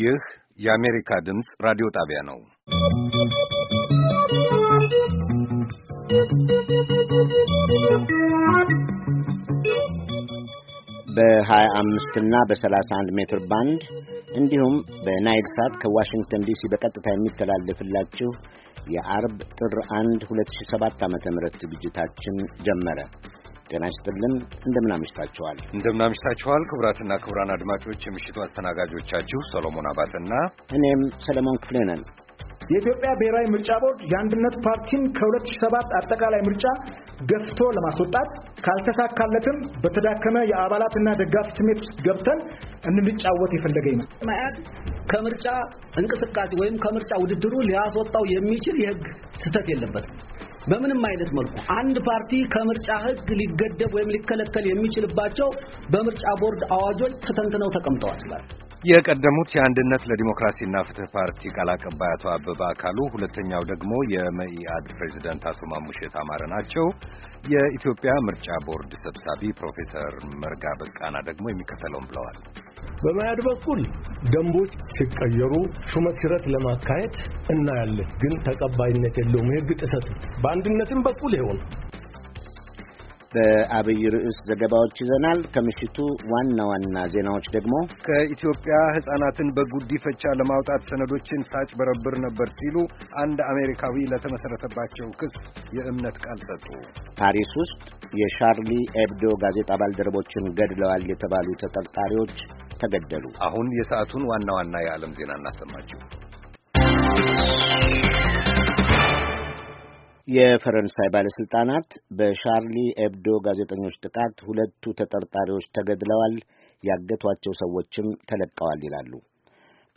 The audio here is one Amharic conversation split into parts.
ይህ የአሜሪካ ድምፅ ራዲዮ ጣቢያ ነው። በ25 እና በ31 ሜትር ባንድ እንዲሁም በናይል ሳት ከዋሽንግተን ዲሲ በቀጥታ የሚተላለፍላችሁ የአርብ ጥር 1 2007 ዓ.ም ዝግጅታችን ጀመረ። ጤና ይስጥልን። እንደምናምሽታችኋል እንደምናምሽታችኋል። ክቡራትና ክቡራን አድማጮች የምሽቱ አስተናጋጆቻችሁ ሰሎሞን አባትና እኔም ሰለሞን ክፍሌ ነን። የኢትዮጵያ ብሔራዊ ምርጫ ቦርድ የአንድነት ፓርቲን ከ2007 አጠቃላይ ምርጫ ገፍቶ ለማስወጣት ካልተሳካለትም በተዳከመ የአባላትና ደጋፊ ስሜት ውስጥ ገብተን እንድንጫወት የፈለገ ይመስል መያድ ከምርጫ እንቅስቃሴ ወይም ከምርጫ ውድድሩ ሊያስወጣው የሚችል የሕግ ስህተት የለበትም። በምንም አይነት መልኩ አንድ ፓርቲ ከምርጫ ህግ ሊገደብ ወይም ሊከለከል የሚችልባቸው በምርጫ ቦርድ አዋጆች ተተንትነው ተቀምጠዋል። የቀደሙት የአንድነት ለዲሞክራሲና ፍትህ ፓርቲ ቃል አቀባይ አቶ አበባ አካሉ፣ ሁለተኛው ደግሞ የመኢአድ ፕሬዚደንት አቶ ማሙሼ ታማረ ናቸው። የኢትዮጵያ ምርጫ ቦርድ ሰብሳቢ ፕሮፌሰር መርጋ በቃና ደግሞ የሚከተለውን ብለዋል። በመያድ በኩል ደንቦች ሲቀየሩ ሹመት ሽረት ለማካሄድ እናያለን፣ ግን ተቀባይነት የለውም። የህግ ጥሰት በአንድነትም በኩል ይሆን በአብይ ርዕስ ዘገባዎች ይዘናል። ከምሽቱ ዋና ዋና ዜናዎች ደግሞ ከኢትዮጵያ ሕፃናትን በጉዲፈቻ ለማውጣት ሰነዶችን ሳጭበረብር ነበር ሲሉ አንድ አሜሪካዊ ለተመሰረተባቸው ክስ የእምነት ቃል ሰጡ። ፓሪስ ውስጥ የሻርሊ ኤብዶ ጋዜጣ ባልደረቦችን ገድለዋል የተባሉ ተጠርጣሪዎች ተገደሉ። አሁን የሰዓቱን ዋና ዋና የዓለም ዜና እናሰማችሁ። የፈረንሳይ ባለሥልጣናት በሻርሊ ኤብዶ ጋዜጠኞች ጥቃት ሁለቱ ተጠርጣሪዎች ተገድለዋል፣ ያገቷቸው ሰዎችም ተለቀዋል ይላሉ።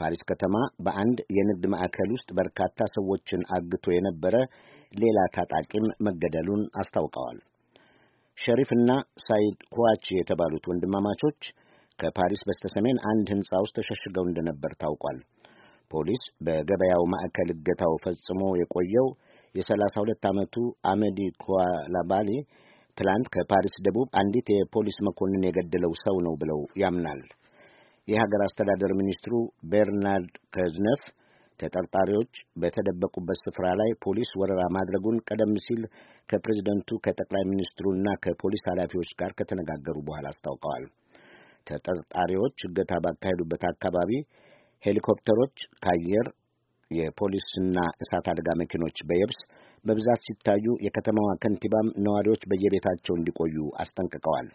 ፓሪስ ከተማ በአንድ የንግድ ማዕከል ውስጥ በርካታ ሰዎችን አግቶ የነበረ ሌላ ታጣቂም መገደሉን አስታውቀዋል። ሸሪፍና ሳይድ ኩዋቺ የተባሉት ወንድማማቾች ከፓሪስ በስተሰሜን አንድ ሕንፃ ውስጥ ተሸሽገው እንደነበር ታውቋል። ፖሊስ በገበያው ማዕከል እገታው ፈጽሞ የቆየው የሰላሳ ሁለት ዓመቱ አመዲ ኩዋላባሌ ትላንት ከፓሪስ ደቡብ አንዲት የፖሊስ መኮንን የገደለው ሰው ነው ብለው ያምናል። የሀገር አስተዳደር ሚኒስትሩ ቤርናርድ ከዝነፍ ተጠርጣሪዎች በተደበቁበት ስፍራ ላይ ፖሊስ ወረራ ማድረጉን ቀደም ሲል ከፕሬዚደንቱ ከጠቅላይ ሚኒስትሩና ከፖሊስ ኃላፊዎች ጋር ከተነጋገሩ በኋላ አስታውቀዋል። ተጠርጣሪዎች እገታ ባካሄዱበት አካባቢ ሄሊኮፕተሮች ከአየር የፖሊስና እሳት አደጋ መኪኖች በየብስ በብዛት ሲታዩ የከተማዋ ከንቲባም ነዋሪዎች በየቤታቸው እንዲቆዩ አስጠንቅቀዋል።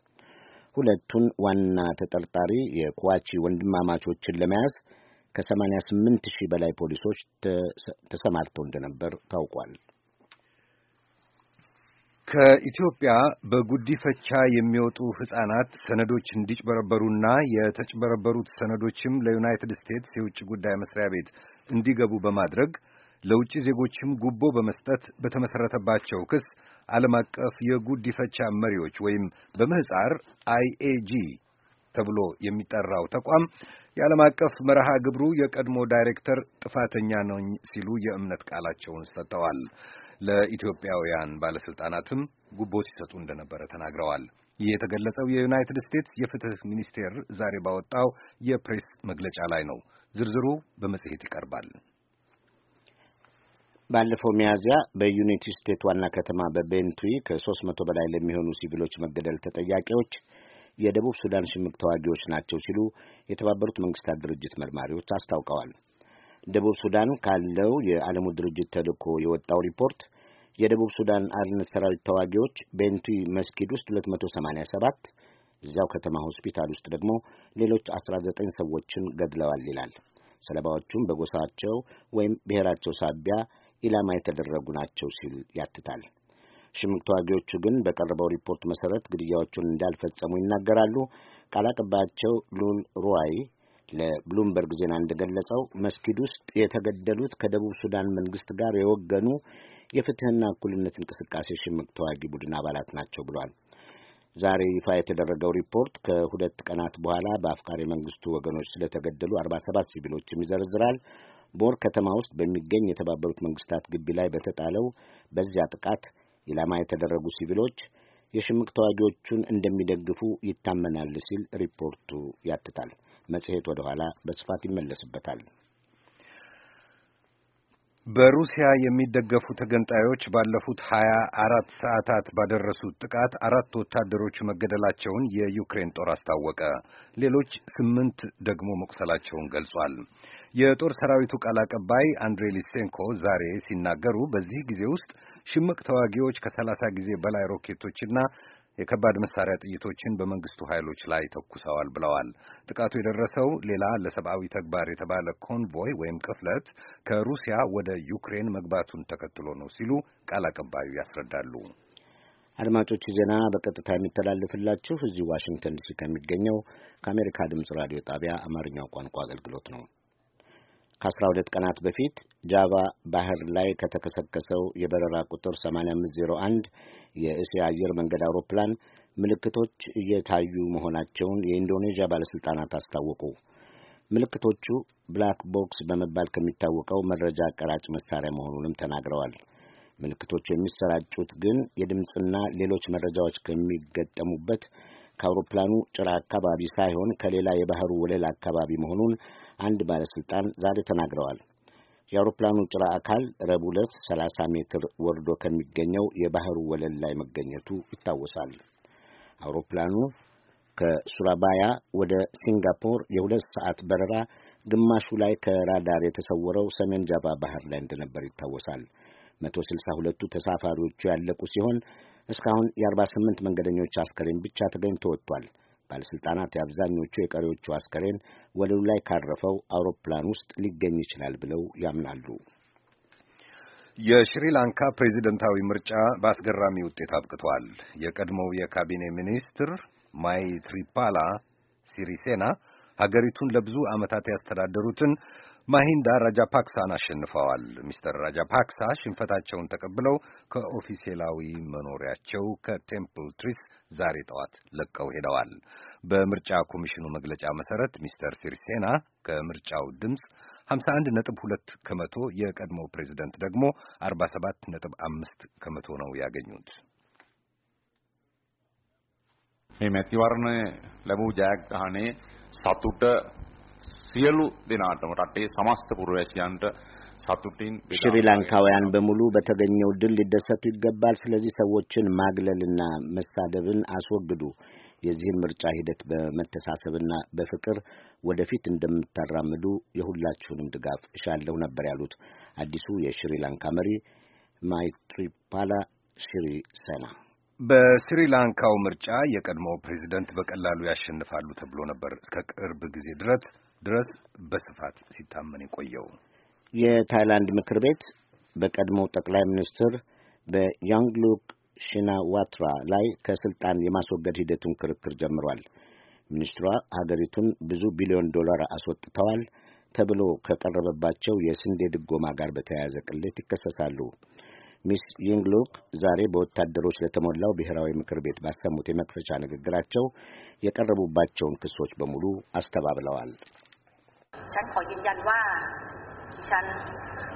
ሁለቱን ዋና ተጠርጣሪ የኩዋቺ ወንድማማቾችን ለመያዝ ከ88 ሺህ በላይ ፖሊሶች ተሰማርተው እንደነበር ታውቋል። ከኢትዮጵያ በጉዲፈቻ የሚወጡ ሕፃናት ሰነዶች እንዲጭበረበሩና የተጭበረበሩት ሰነዶችም ለዩናይትድ ስቴትስ የውጭ ጉዳይ መስሪያ ቤት እንዲገቡ በማድረግ ለውጭ ዜጎችም ጉቦ በመስጠት በተመሠረተባቸው ክስ ዓለም አቀፍ የጉዲፈቻ መሪዎች ወይም በምህፃር አይኤጂ ተብሎ የሚጠራው ተቋም የዓለም አቀፍ መርሃ ግብሩ የቀድሞ ዳይሬክተር ጥፋተኛ ነኝ ሲሉ የእምነት ቃላቸውን ሰጥተዋል። ለኢትዮጵያውያን ባለሥልጣናትም ጉቦ ሲሰጡ እንደነበረ ተናግረዋል። የተገለጸው የዩናይትድ ስቴትስ የፍትህ ሚኒስቴር ዛሬ ባወጣው የፕሬስ መግለጫ ላይ ነው። ዝርዝሩ በመጽሔት ይቀርባል። ባለፈው ሚያዝያ በዩኒቲ ስቴት ዋና ከተማ በቤንቱዊ ከሦስት መቶ በላይ ለሚሆኑ ሲቪሎች መገደል ተጠያቂዎች የደቡብ ሱዳን ሽምቅ ተዋጊዎች ናቸው ሲሉ የተባበሩት መንግስታት ድርጅት መርማሪዎች አስታውቀዋል። ደቡብ ሱዳን ካለው የዓለሙ ድርጅት ተልእኮ የወጣው ሪፖርት የደቡብ ሱዳን አርነት ሰራዊት ተዋጊዎች ቤንቱይ መስጊድ ውስጥ 287 እዚያው ከተማ ሆስፒታል ውስጥ ደግሞ ሌሎች 19 ሰዎችን ገድለዋል ይላል። ሰለባዎቹም በጎሳቸው ወይም ብሔራቸው ሳቢያ ኢላማ የተደረጉ ናቸው ሲል ያትታል። ሽምቅ ተዋጊዎቹ ግን በቀረበው ሪፖርት መሰረት ግድያዎቹን እንዳልፈጸሙ ይናገራሉ። ቃል አቀባያቸው ሉል ሩዋይ ለብሉምበርግ ዜና እንደገለጸው መስጊድ ውስጥ የተገደሉት ከደቡብ ሱዳን መንግስት ጋር የወገኑ የፍትህና እኩልነት እንቅስቃሴ ሽምቅ ተዋጊ ቡድን አባላት ናቸው ብሏል። ዛሬ ይፋ የተደረገው ሪፖርት ከሁለት ቀናት በኋላ በአፍቃሪ መንግስቱ ወገኖች ስለተገደሉ አርባ ሰባት ሲቪሎችም ይዘርዝራል። ቦር ከተማ ውስጥ በሚገኝ የተባበሩት መንግስታት ግቢ ላይ በተጣለው በዚያ ጥቃት ኢላማ የተደረጉ ሲቪሎች የሽምቅ ተዋጊዎቹን እንደሚደግፉ ይታመናል ሲል ሪፖርቱ ያትታል። መጽሔት ወደ ኋላ በስፋት ይመለስበታል። በሩሲያ የሚደገፉ ተገንጣዮች ባለፉት ሀያ አራት ሰዓታት ባደረሱት ጥቃት አራት ወታደሮች መገደላቸውን የዩክሬን ጦር አስታወቀ። ሌሎች ስምንት ደግሞ መቁሰላቸውን ገልጿል። የጦር ሰራዊቱ ቃል አቀባይ አንድሬ ሊሴንኮ ዛሬ ሲናገሩ በዚህ ጊዜ ውስጥ ሽምቅ ተዋጊዎች ከሰላሳ ጊዜ በላይ ሮኬቶችና የከባድ መሳሪያ ጥይቶችን በመንግስቱ ኃይሎች ላይ ተኩሰዋል ብለዋል። ጥቃቱ የደረሰው ሌላ ለሰብአዊ ተግባር የተባለ ኮንቮይ ወይም ቅፍለት ከሩሲያ ወደ ዩክሬን መግባቱን ተከትሎ ነው ሲሉ ቃል አቀባዩ ያስረዳሉ። አድማጮች ዜና በቀጥታ የሚተላለፍላችሁ እዚህ ዋሽንግተን ዲሲ ከሚገኘው ከአሜሪካ ድምፅ ራዲዮ ጣቢያ አማርኛው ቋንቋ አገልግሎት ነው። ከ12 ቀናት በፊት ጃቫ ባህር ላይ ከተከሰከሰው የበረራ ቁጥር 8501 የእስያ አየር መንገድ አውሮፕላን ምልክቶች እየታዩ መሆናቸውን የኢንዶኔዥያ ባለሥልጣናት አስታወቁ። ምልክቶቹ ብላክ ቦክስ በመባል ከሚታወቀው መረጃ አቀራጭ መሳሪያ መሆኑንም ተናግረዋል። ምልክቶቹ የሚሰራጩት ግን የድምፅና ሌሎች መረጃዎች ከሚገጠሙበት ከአውሮፕላኑ ጭራ አካባቢ ሳይሆን ከሌላ የባህሩ ወለል አካባቢ መሆኑን አንድ ባለስልጣን ዛሬ ተናግረዋል። የአውሮፕላኑ ጭራ አካል ረቡዕ ዕለት 30 ሜትር ወርዶ ከሚገኘው የባህሩ ወለል ላይ መገኘቱ ይታወሳል። አውሮፕላኑ ከሱራባያ ወደ ሲንጋፖር የሁለት ሰዓት በረራ ግማሹ ላይ ከራዳር የተሰወረው ሰሜን ጃቫ ባህር ላይ እንደነበር ይታወሳል። ሁለቱ ተሳፋሪዎቹ ያለቁ ሲሆን እስካሁን የ48 መንገደኞች አስከሬን ብቻ ተገኝቶ ወጥቷል። ባለሥልጣናት የአብዛኞቹ የቀሪዎቹ አስከሬን ወለሉ ላይ ካረፈው አውሮፕላን ውስጥ ሊገኝ ይችላል ብለው ያምናሉ። የሽሪላንካ ፕሬዚደንታዊ ምርጫ በአስገራሚ ውጤት አብቅቷል። የቀድሞው የካቢኔ ሚኒስትር ማይትሪፓላ ሲሪሴና ሀገሪቱን ለብዙ ዓመታት ያስተዳደሩትን ማሂንዳ ራጃፓክሳን አሸንፈዋል። ሚስተር ራጃፓክሳ ሽንፈታቸውን ተቀብለው ከኦፊሴላዊ መኖሪያቸው ከቴምፕል ትሪስ ዛሬ ጠዋት ለቀው ሄደዋል። በምርጫ ኮሚሽኑ መግለጫ መሰረት ሚስተር ሲርሴና ከምርጫው ድምፅ 512 ከመቶ፣ የቀድሞው ፕሬዚደንት ደግሞ 475 ከመቶ ነው ያገኙት። මේ මැතිවරණය ලැබූ ජයග්‍රහණයේ සියලු දෙනාටම රටේ සමස්ත පුරවැසියන්ට සතුටින් ශ්‍රී በሙሉ በተገኘው ድል ሊደሰቱ ይገባል። ስለዚህ ሰዎችን ማግለልና መሳደብን አስወግዱ። የዚህን ምርጫ ሂደት በመተሳሰብና በፍቅር ወደፊት እንደምታራምዱ የሁላችሁንም ድጋፍ እሻለሁ ነበር ያሉት አዲሱ የሽሪላንካ መሪ ማይትሪፓላ ሽሪ በስሪላንካው ምርጫ የቀድሞው ፕሬዚደንት በቀላሉ ያሸንፋሉ ተብሎ ነበር እስከ ቅርብ ጊዜ ድረስ ድረስ በስፋት ሲታመን የቆየው። የታይላንድ ምክር ቤት በቀድሞው ጠቅላይ ሚኒስትር በያንግሉክ ሺናዋትራ ላይ ከስልጣን የማስወገድ ሂደቱን ክርክር ጀምሯል። ሚኒስትሯ ሀገሪቱን ብዙ ቢሊዮን ዶላር አስወጥተዋል ተብሎ ከቀረበባቸው የስንዴ ድጎማ ጋር በተያያዘ ቅሌት ይከሰሳሉ። ሚስ ይንግሉክ ዛሬ በወታደሮች ለተሞላው ብሔራዊ ምክር ቤት ባሰሙት የመክፈቻ ንግግራቸው የቀረቡባቸውን ክሶች በሙሉ አስተባብለዋል። ฉันขอยืนยันว่าดิฉัน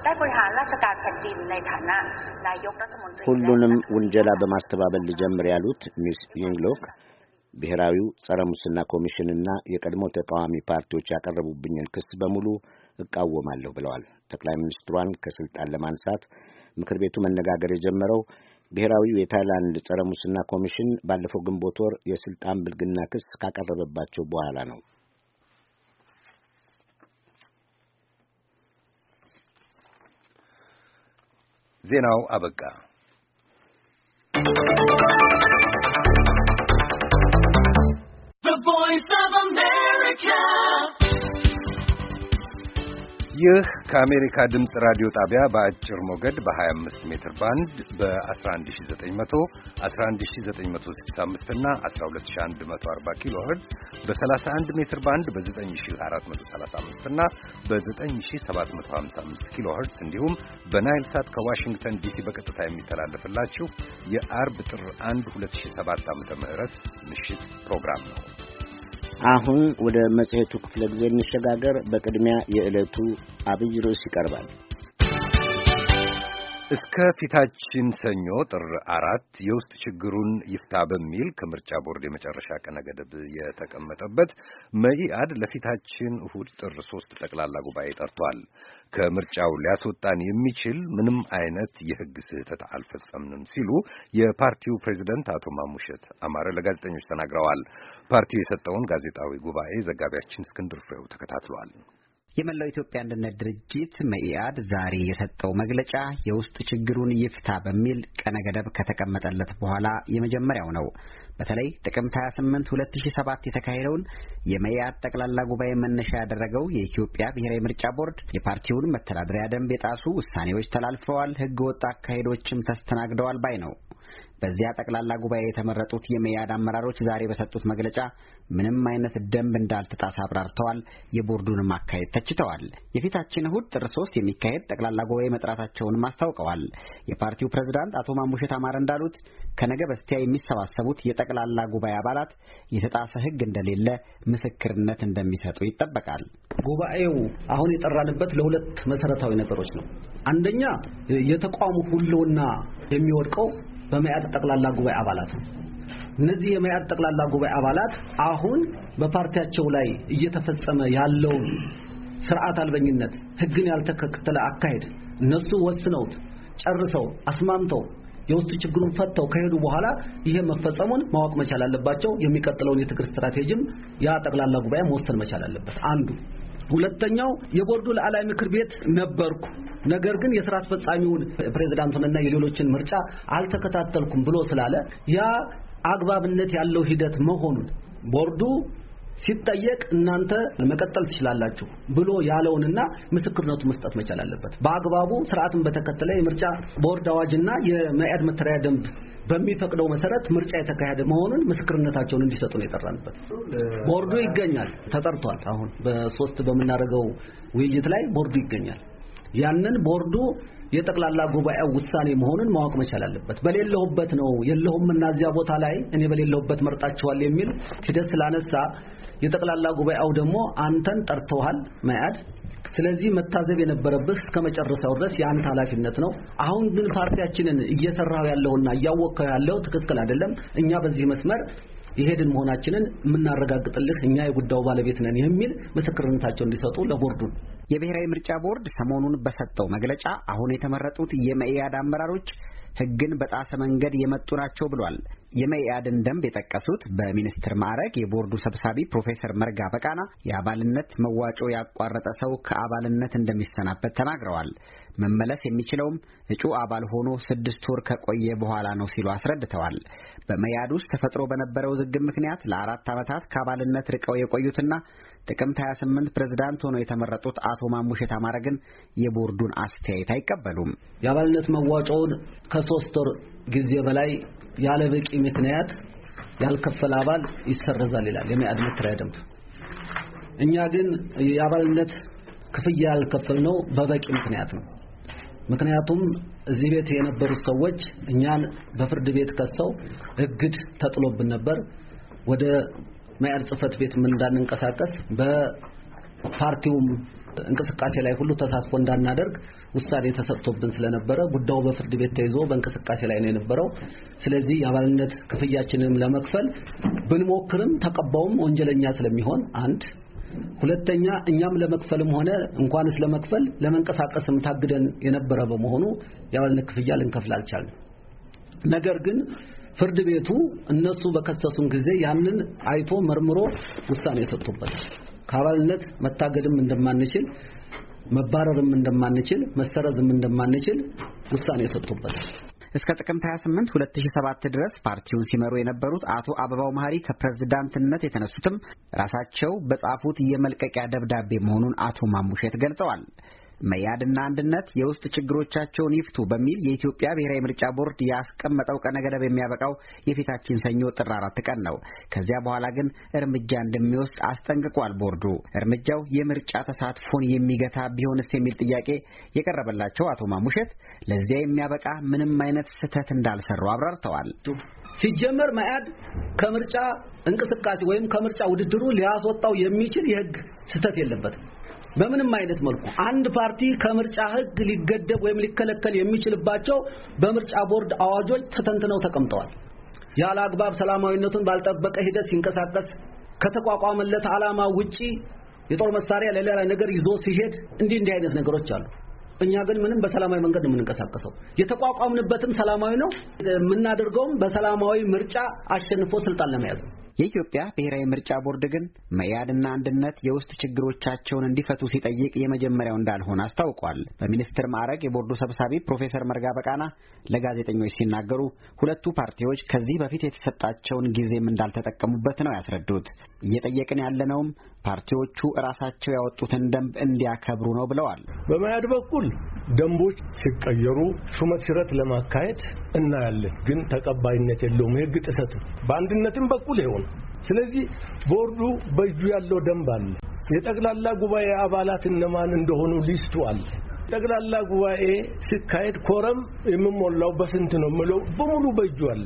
ได้บริหารราชการแผ่นดินในฐานะนายกรัฐมนตรี ሁሉንም ውንጀላ በማስተባበል ሊጀምር ያሉት ሚስ ይንግሎክ ብሔራዊው ጸረ ሙስና ኮሚሽንና የቀድሞ ተቃዋሚ ፓርቲዎች ያቀረቡብኝን ክስ በሙሉ እቃወማለሁ ብለዋል። ጠቅላይ ሚኒስትሯን ከስልጣን ለማንሳት ምክር ቤቱ መነጋገር የጀመረው ብሔራዊው የታይላንድ ጸረ ሙስና ኮሚሽን ባለፈው ግንቦት ወር የስልጣን ብልግና ክስ ካቀረበባቸው በኋላ ነው። ዜናው አበቃ። The Voice of America ይህ ከአሜሪካ ድምፅ ራዲዮ ጣቢያ በአጭር ሞገድ በ25 ሜትር ባንድ በ11900፣ 11965 እና 12140 ኪሎ ሄርዝ በ31 ሜትር ባንድ በ9435 እና በ9755 ኪሎ ሄርዝ እንዲሁም በናይል ሳት ከዋሽንግተን ዲሲ በቀጥታ የሚተላለፍላችሁ የአርብ ጥር 1 2007 ዓ.ም ምሽት ፕሮግራም ነው። አሁን ወደ መጽሔቱ ክፍለ ጊዜ እንሸጋገር። በቅድሚያ የዕለቱ አብይ ርዕስ ይቀርባል። እስከ ፊታችን ሰኞ ጥር አራት የውስጥ ችግሩን ይፍታ በሚል ከምርጫ ቦርድ የመጨረሻ ቀነ ገደብ የተቀመጠበት መኢአድ ለፊታችን እሁድ ጥር ሶስት ጠቅላላ ጉባኤ ጠርቷል። ከምርጫው ሊያስወጣን የሚችል ምንም አይነት የሕግ ስህተት አልፈጸምንም ሲሉ የፓርቲው ፕሬዚደንት አቶ ማሙሸት አማረ ለጋዜጠኞች ተናግረዋል። ፓርቲው የሰጠውን ጋዜጣዊ ጉባኤ ዘጋቢያችን እስክንድር ፍሬው ተከታትሏል። የመላው ኢትዮጵያ አንድነት ድርጅት መኢአድ ዛሬ የሰጠው መግለጫ የውስጥ ችግሩን ይፍታ በሚል ቀነ ገደብ ከተቀመጠለት በኋላ የመጀመሪያው ነው። በተለይ ጥቅምት 28 2007 የተካሄደውን የመኢአድ ጠቅላላ ጉባኤ መነሻ ያደረገው የኢትዮጵያ ብሔራዊ ምርጫ ቦርድ የፓርቲውን መተዳደሪያ ደንብ የጣሱ ውሳኔዎች ተላልፈዋል፣ ህገወጥ አካሄዶችም ተስተናግደዋል ባይ ነው። በዚያ ጠቅላላ ጉባኤ የተመረጡት የመያድ አመራሮች ዛሬ በሰጡት መግለጫ ምንም አይነት ደንብ እንዳልተጣሰ አብራርተዋል። የቦርዱንም አካሄድ ተችተዋል። የፊታችን እሁድ ጥር ሶስት የሚካሄድ ጠቅላላ ጉባኤ መጥራታቸውንም አስታውቀዋል። የፓርቲው ፕሬዝዳንት አቶ ማሙሸት አማረ እንዳሉት ከነገ በስቲያ የሚሰባሰቡት የጠቅላላ ጉባኤ አባላት የተጣሰ ሕግ እንደሌለ ምስክርነት እንደሚሰጡ ይጠበቃል። ጉባኤው አሁን የጠራንበት ለሁለት መሰረታዊ ነገሮች ነው። አንደኛ የተቋሙ ሁሉና የሚወድቀው በመያድ ጠቅላላ ጉባኤ አባላት እነዚህ የመያድ ጠቅላላ ጉባኤ አባላት አሁን በፓርቲያቸው ላይ እየተፈጸመ ያለውን ስርዓት አልበኝነት፣ ህግን ያልተከተለ አካሄድ እነሱ ወስነውት ጨርሰው አስማምተው የውስጥ ችግሩን ፈተው ከሄዱ በኋላ ይሄ መፈጸሙን ማወቅ መቻል አለባቸው። የሚቀጥለውን የትግል ስትራቴጂም ያ ጠቅላላ ጉባኤ መወሰን መቻል አለበት አንዱ ሁለተኛው የቦርዱ ላዕላይ ምክር ቤት ነበርኩ፣ ነገር ግን የስራ አስፈጻሚውን ፕሬዝዳንቱንና የሌሎችን ምርጫ አልተከታተልኩም ብሎ ስላለ ያ አግባብነት ያለው ሂደት መሆኑን ቦርዱ ሲጠየቅ እናንተ መቀጠል ትችላላችሁ ብሎ ያለውንና ምስክርነቱ መስጠት መቻል አለበት። በአግባቡ ስርዓትን በተከተለ የምርጫ ቦርድ አዋጅና የመያድ መተሪያ ደንብ በሚፈቅደው መሰረት ምርጫ የተካሄደ መሆኑን ምስክርነታቸውን እንዲሰጡ ነው የጠራንበት። ቦርዱ ይገኛል፣ ተጠርቷል። አሁን በሶስት በምናደርገው ውይይት ላይ ቦርዱ ይገኛል። ያንን ቦርዱ የጠቅላላ ጉባኤው ውሳኔ መሆኑን ማወቅ መቻል አለበት። በሌለሁበት ነው የለሁም እና እዚያ ቦታ ላይ እኔ በሌለሁበት መርጣችኋል የሚል ሂደት ስላነሳ የጠቅላላ ጉባኤው ደግሞ አንተን ጠርተውሃል መያድ ስለዚህ መታዘብ የነበረብህ እስከ መጨረሻው ድረስ የአንተ ኃላፊነት ነው። አሁን ግን ፓርቲያችንን እየሰራው ያለውና እያወቀው ያለው ትክክል አይደለም። እኛ በዚህ መስመር የሄድን መሆናችንን የምናረጋግጥልህ እኛ የጉዳዩ ባለቤት ነን የሚል ምስክርነታቸው እንዲሰጡ ለቦርዱን የብሔራዊ ምርጫ ቦርድ ሰሞኑን በሰጠው መግለጫ አሁን የተመረጡት የመኢአድ አመራሮች ህግን በጣሰ መንገድ የመጡ ናቸው ብሏል። የመኢአድን ደንብ የጠቀሱት በሚኒስትር ማዕረግ የቦርዱ ሰብሳቢ ፕሮፌሰር መርጋ በቃና የአባልነት መዋጮ ያቋረጠ ሰው ከአባልነት እንደሚሰናበት ተናግረዋል። መመለስ የሚችለውም እጩ አባል ሆኖ ስድስት ወር ከቆየ በኋላ ነው ሲሉ አስረድተዋል። በመኢአድ ውስጥ ተፈጥሮ በነበረው ውዝግብ ምክንያት ለአራት ዓመታት ከአባልነት ርቀው የቆዩትና ጥቅምት 28 ፕሬዝዳንት ሆነው የተመረጡት አቶ ማሙሼት አማረ ግን የቦርዱን አስተያየት አይቀበሉም። የአባልነት መዋጮውን ከሶስት ወር ጊዜ በላይ ያለ በቂ ምክንያት ያልከፈለ አባል ይሰረዛል ይላል የመኢአድ መተዳደሪያ ደንብ። እኛ ግን የአባልነት ክፍያ ያልከፈልነው በበቂ ምክንያት ነው። ምክንያቱም እዚህ ቤት የነበሩት ሰዎች እኛን በፍርድ ቤት ከሰው እግድ ተጥሎብን ነበር። ወደ መኢአድ ጽህፈት ቤት እንዳንንቀሳቀስ በፓርቲውም እንቅስቃሴ ላይ ሁሉ ተሳትፎ እንዳናደርግ ውሳኔ ተሰጥቶብን ስለነበረ ጉዳዩ በፍርድ ቤት ተይዞ በእንቅስቃሴ ላይ ነው የነበረው። ስለዚህ የአባልነት ክፍያችንም ለመክፈል ብንሞክርም ተቀባውም ወንጀለኛ ስለሚሆን አንድ ሁለተኛ እኛም ለመክፈልም ሆነ እንኳንስ ለመክፈል ለመንቀሳቀስም ታግደን የነበረ በመሆኑ የአባልነት ክፍያ ልንከፍል አልቻልንም። ነገር ግን ፍርድ ቤቱ እነሱ በከሰሱን ጊዜ ያንን አይቶ መርምሮ ውሳኔ ሰጥቶበታል። ከአባልነት መታገድም እንደማንችል መባረርም እንደማንችል መሰረዝም እንደማንችል ውሳኔ ሰጥቶበታል። እስከ ጥቅምት 28 2007 ድረስ ፓርቲውን ሲመሩ የነበሩት አቶ አበባው መሀሪ ከፕሬዝዳንትነት የተነሱትም ራሳቸው በጻፉት የመልቀቂያ ደብዳቤ መሆኑን አቶ ማሙሼት ገልጸዋል። መያድና አንድነት የውስጥ ችግሮቻቸውን ይፍቱ በሚል የኢትዮጵያ ብሔራዊ ምርጫ ቦርድ ያስቀመጠው ቀነ ገደብ የሚያበቃው የፊታችን ሰኞ ጥር አራት ቀን ነው። ከዚያ በኋላ ግን እርምጃ እንደሚወስድ አስጠንቅቋል። ቦርዱ እርምጃው የምርጫ ተሳትፎን የሚገታ ቢሆንስ የሚል ጥያቄ የቀረበላቸው አቶ ማሙሸት ለዚያ የሚያበቃ ምንም አይነት ስህተት እንዳልሰሩ አብራርተዋል። ሲጀመር መያድ ከምርጫ እንቅስቃሴ ወይም ከምርጫ ውድድሩ ሊያስወጣው የሚችል የህግ ስህተት የለበትም። በምንም አይነት መልኩ አንድ ፓርቲ ከምርጫ ህግ ሊገደብ ወይም ሊከለከል የሚችልባቸው በምርጫ ቦርድ አዋጆች ተተንትነው ተቀምጠዋል። ያለ አግባብ ሰላማዊነቱን ባልጠበቀ ሂደት ሲንቀሳቀስ ከተቋቋመለት ዓላማ ውጪ የጦር መሳሪያ ለሌላ ነገር ይዞ ሲሄድ እንዲህ እንዲህ አይነት ነገሮች አሉ። እኛ ግን ምንም በሰላማዊ መንገድ ነው የምንንቀሳቀሰው። የተቋቋምንበትም ሰላማዊ ነው። የምናደርገውም በሰላማዊ ምርጫ አሸንፎ ስልጣን ለመያዝ ነው። የኢትዮጵያ ብሔራዊ ምርጫ ቦርድ ግን መያድና አንድነት የውስጥ ችግሮቻቸውን እንዲፈቱ ሲጠይቅ የመጀመሪያው እንዳልሆነ አስታውቋል። በሚኒስትር ማዕረግ የቦርዱ ሰብሳቢ ፕሮፌሰር መርጋ በቃና ለጋዜጠኞች ሲናገሩ ሁለቱ ፓርቲዎች ከዚህ በፊት የተሰጣቸውን ጊዜም እንዳልተጠቀሙበት ነው ያስረዱት። እየጠየቅን ያለነውም ፓርቲዎቹ ራሳቸው ያወጡትን ደንብ እንዲያከብሩ ነው ብለዋል። በመያድ በኩል ደንቦች ሲቀየሩ ሹመት ሽረት ለማካሄድ እናያለን፣ ግን ተቀባይነት የለውም። የህግ ጥሰት በአንድነትም በኩል ይሆን። ስለዚህ ቦርዱ በእጁ ያለው ደንብ አለ። የጠቅላላ ጉባኤ አባላት እነማን እንደሆኑ ሊስቱ አለ። ጠቅላላ ጉባኤ ሲካሄድ ኮረም የምሞላው በስንት ነው የምለው በሙሉ በእጁ አለ።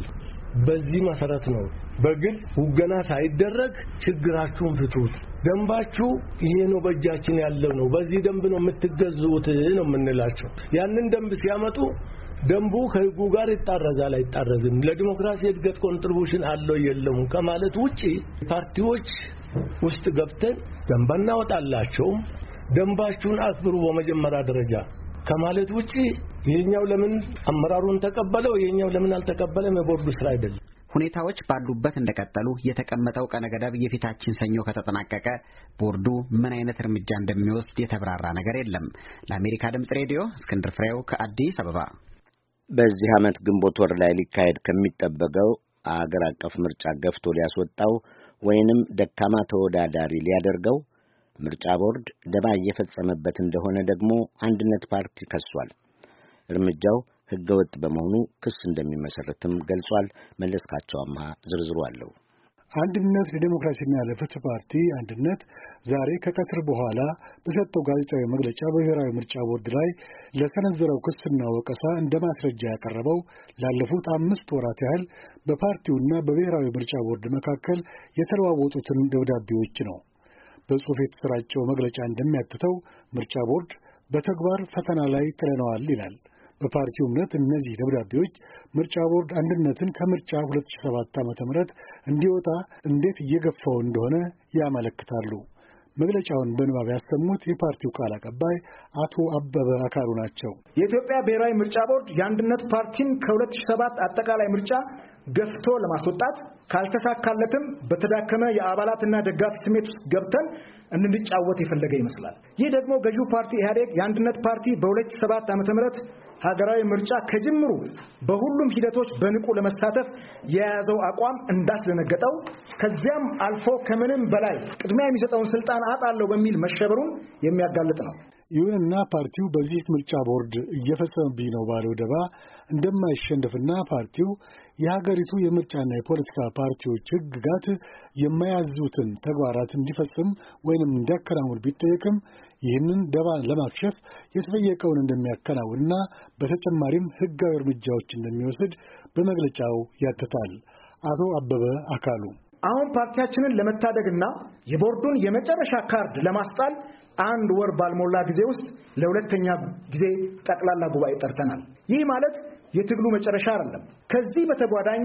በዚህ መሰረት ነው በግልጽ ውገና ሳይደረግ ችግራችሁን ፍቱት። ደንባችሁ ይሄ ነው፣ በእጃችን ያለው ነው፣ በዚህ ደንብ ነው የምትገዙት ነው የምንላቸው። ያንን ደንብ ሲያመጡ ደንቡ ከህጉ ጋር ይጣረዛል አይጣረዝም፣ ለዲሞክራሲ እድገት ኮንትሪቡሽን አለው የለም ከማለት ውጪ ፓርቲዎች ውስጥ ገብተን ደንብ እናወጣላቸውም። ደንባችሁን አክብሩ በመጀመሪያ ደረጃ ከማለት ውጪ የኛው ለምን አመራሩን ተቀበለው የኛው ለምን አልተቀበለም የቦርዱ ስራ አይደለም። ሁኔታዎች ባሉበት እንደቀጠሉ የተቀመጠው ቀነ ገደብ የፊታችን ሰኞ ከተጠናቀቀ ቦርዱ ምን አይነት እርምጃ እንደሚወስድ የተብራራ ነገር የለም። ለአሜሪካ ድምጽ ሬዲዮ እስክንድር ፍሬው ከአዲስ አበባ። በዚህ ዓመት ግንቦት ወር ላይ ሊካሄድ ከሚጠበቀው አገር አቀፍ ምርጫ ገፍቶ ሊያስወጣው ወይንም ደካማ ተወዳዳሪ ሊያደርገው ምርጫ ቦርድ ደባ እየፈጸመበት እንደሆነ ደግሞ አንድነት ፓርቲ ከሷል። እርምጃው ሕገወጥ በመሆኑ ክስ እንደሚመሰረትም ገልጿል። መለስካቸው አምሃ ዝርዝሩ አለው። አንድነት ለዲሞክራሲና ለፍትህ ፓርቲ አንድነት ዛሬ ከቀትር በኋላ በሰጠው ጋዜጣዊ መግለጫ በብሔራዊ ምርጫ ቦርድ ላይ ለሰነዘረው ክስና ወቀሳ እንደ ማስረጃ ያቀረበው ላለፉት አምስት ወራት ያህል በፓርቲውና በብሔራዊ ምርጫ ቦርድ መካከል የተለዋወጡትን ደብዳቤዎች ነው። በጽሑፍ የተሰራጨው መግለጫ እንደሚያትተው ምርጫ ቦርድ በተግባር ፈተና ላይ ጥለነዋል ይላል። በፓርቲው እምነት እነዚህ ደብዳቤዎች ምርጫ ቦርድ አንድነትን ከምርጫ 2007 ዓ ም እንዲወጣ እንዴት እየገፋው እንደሆነ ያመለክታሉ። መግለጫውን በንባብ ያሰሙት የፓርቲው ቃል አቀባይ አቶ አበበ አካሉ ናቸው። የኢትዮጵያ ብሔራዊ ምርጫ ቦርድ የአንድነት ፓርቲን ከ2007 አጠቃላይ ምርጫ ገፍቶ ለማስወጣት ካልተሳካለትም በተዳከመ የአባላትና ደጋፊ ስሜት ውስጥ ገብተን እንድንጫወት የፈለገ ይመስላል። ይህ ደግሞ ገዢው ፓርቲ ኢህአዴግ የአንድነት ፓርቲ በ2007 ዓ.ም ሀገራዊ ምርጫ ከጅምሩ በሁሉም ሂደቶች በንቁ ለመሳተፍ የያዘው አቋም እንዳስደነገጠው ከዚያም አልፎ ከምንም በላይ ቅድሚያ የሚሰጠውን ስልጣን አጣለሁ በሚል መሸበሩን የሚያጋልጥ ነው። ይሁንና ፓርቲው በዚህ ምርጫ ቦርድ እየፈጸመብኝ ነው ባለው ደባ እንደማይሸንፍና ፓርቲው የሀገሪቱ የምርጫና የፖለቲካ ፓርቲዎች ሕግጋት የማያዙትን ተግባራት እንዲፈጽም ወይንም እንዲያከናውን ቢጠየቅም ይህንን ደባ ለማክሸፍ የተጠየቀውን እንደሚያከናውንና በተጨማሪም ሕጋዊ እርምጃዎች እንደሚወስድ በመግለጫው ያትታል። አቶ አበበ አካሉ አሁን ፓርቲያችንን ለመታደግና የቦርዱን የመጨረሻ ካርድ ለማስጣል አንድ ወር ባልሞላ ጊዜ ውስጥ ለሁለተኛ ጊዜ ጠቅላላ ጉባኤ ጠርተናል። ይህ ማለት የትግሉ መጨረሻ አይደለም። ከዚህ በተጓዳኝ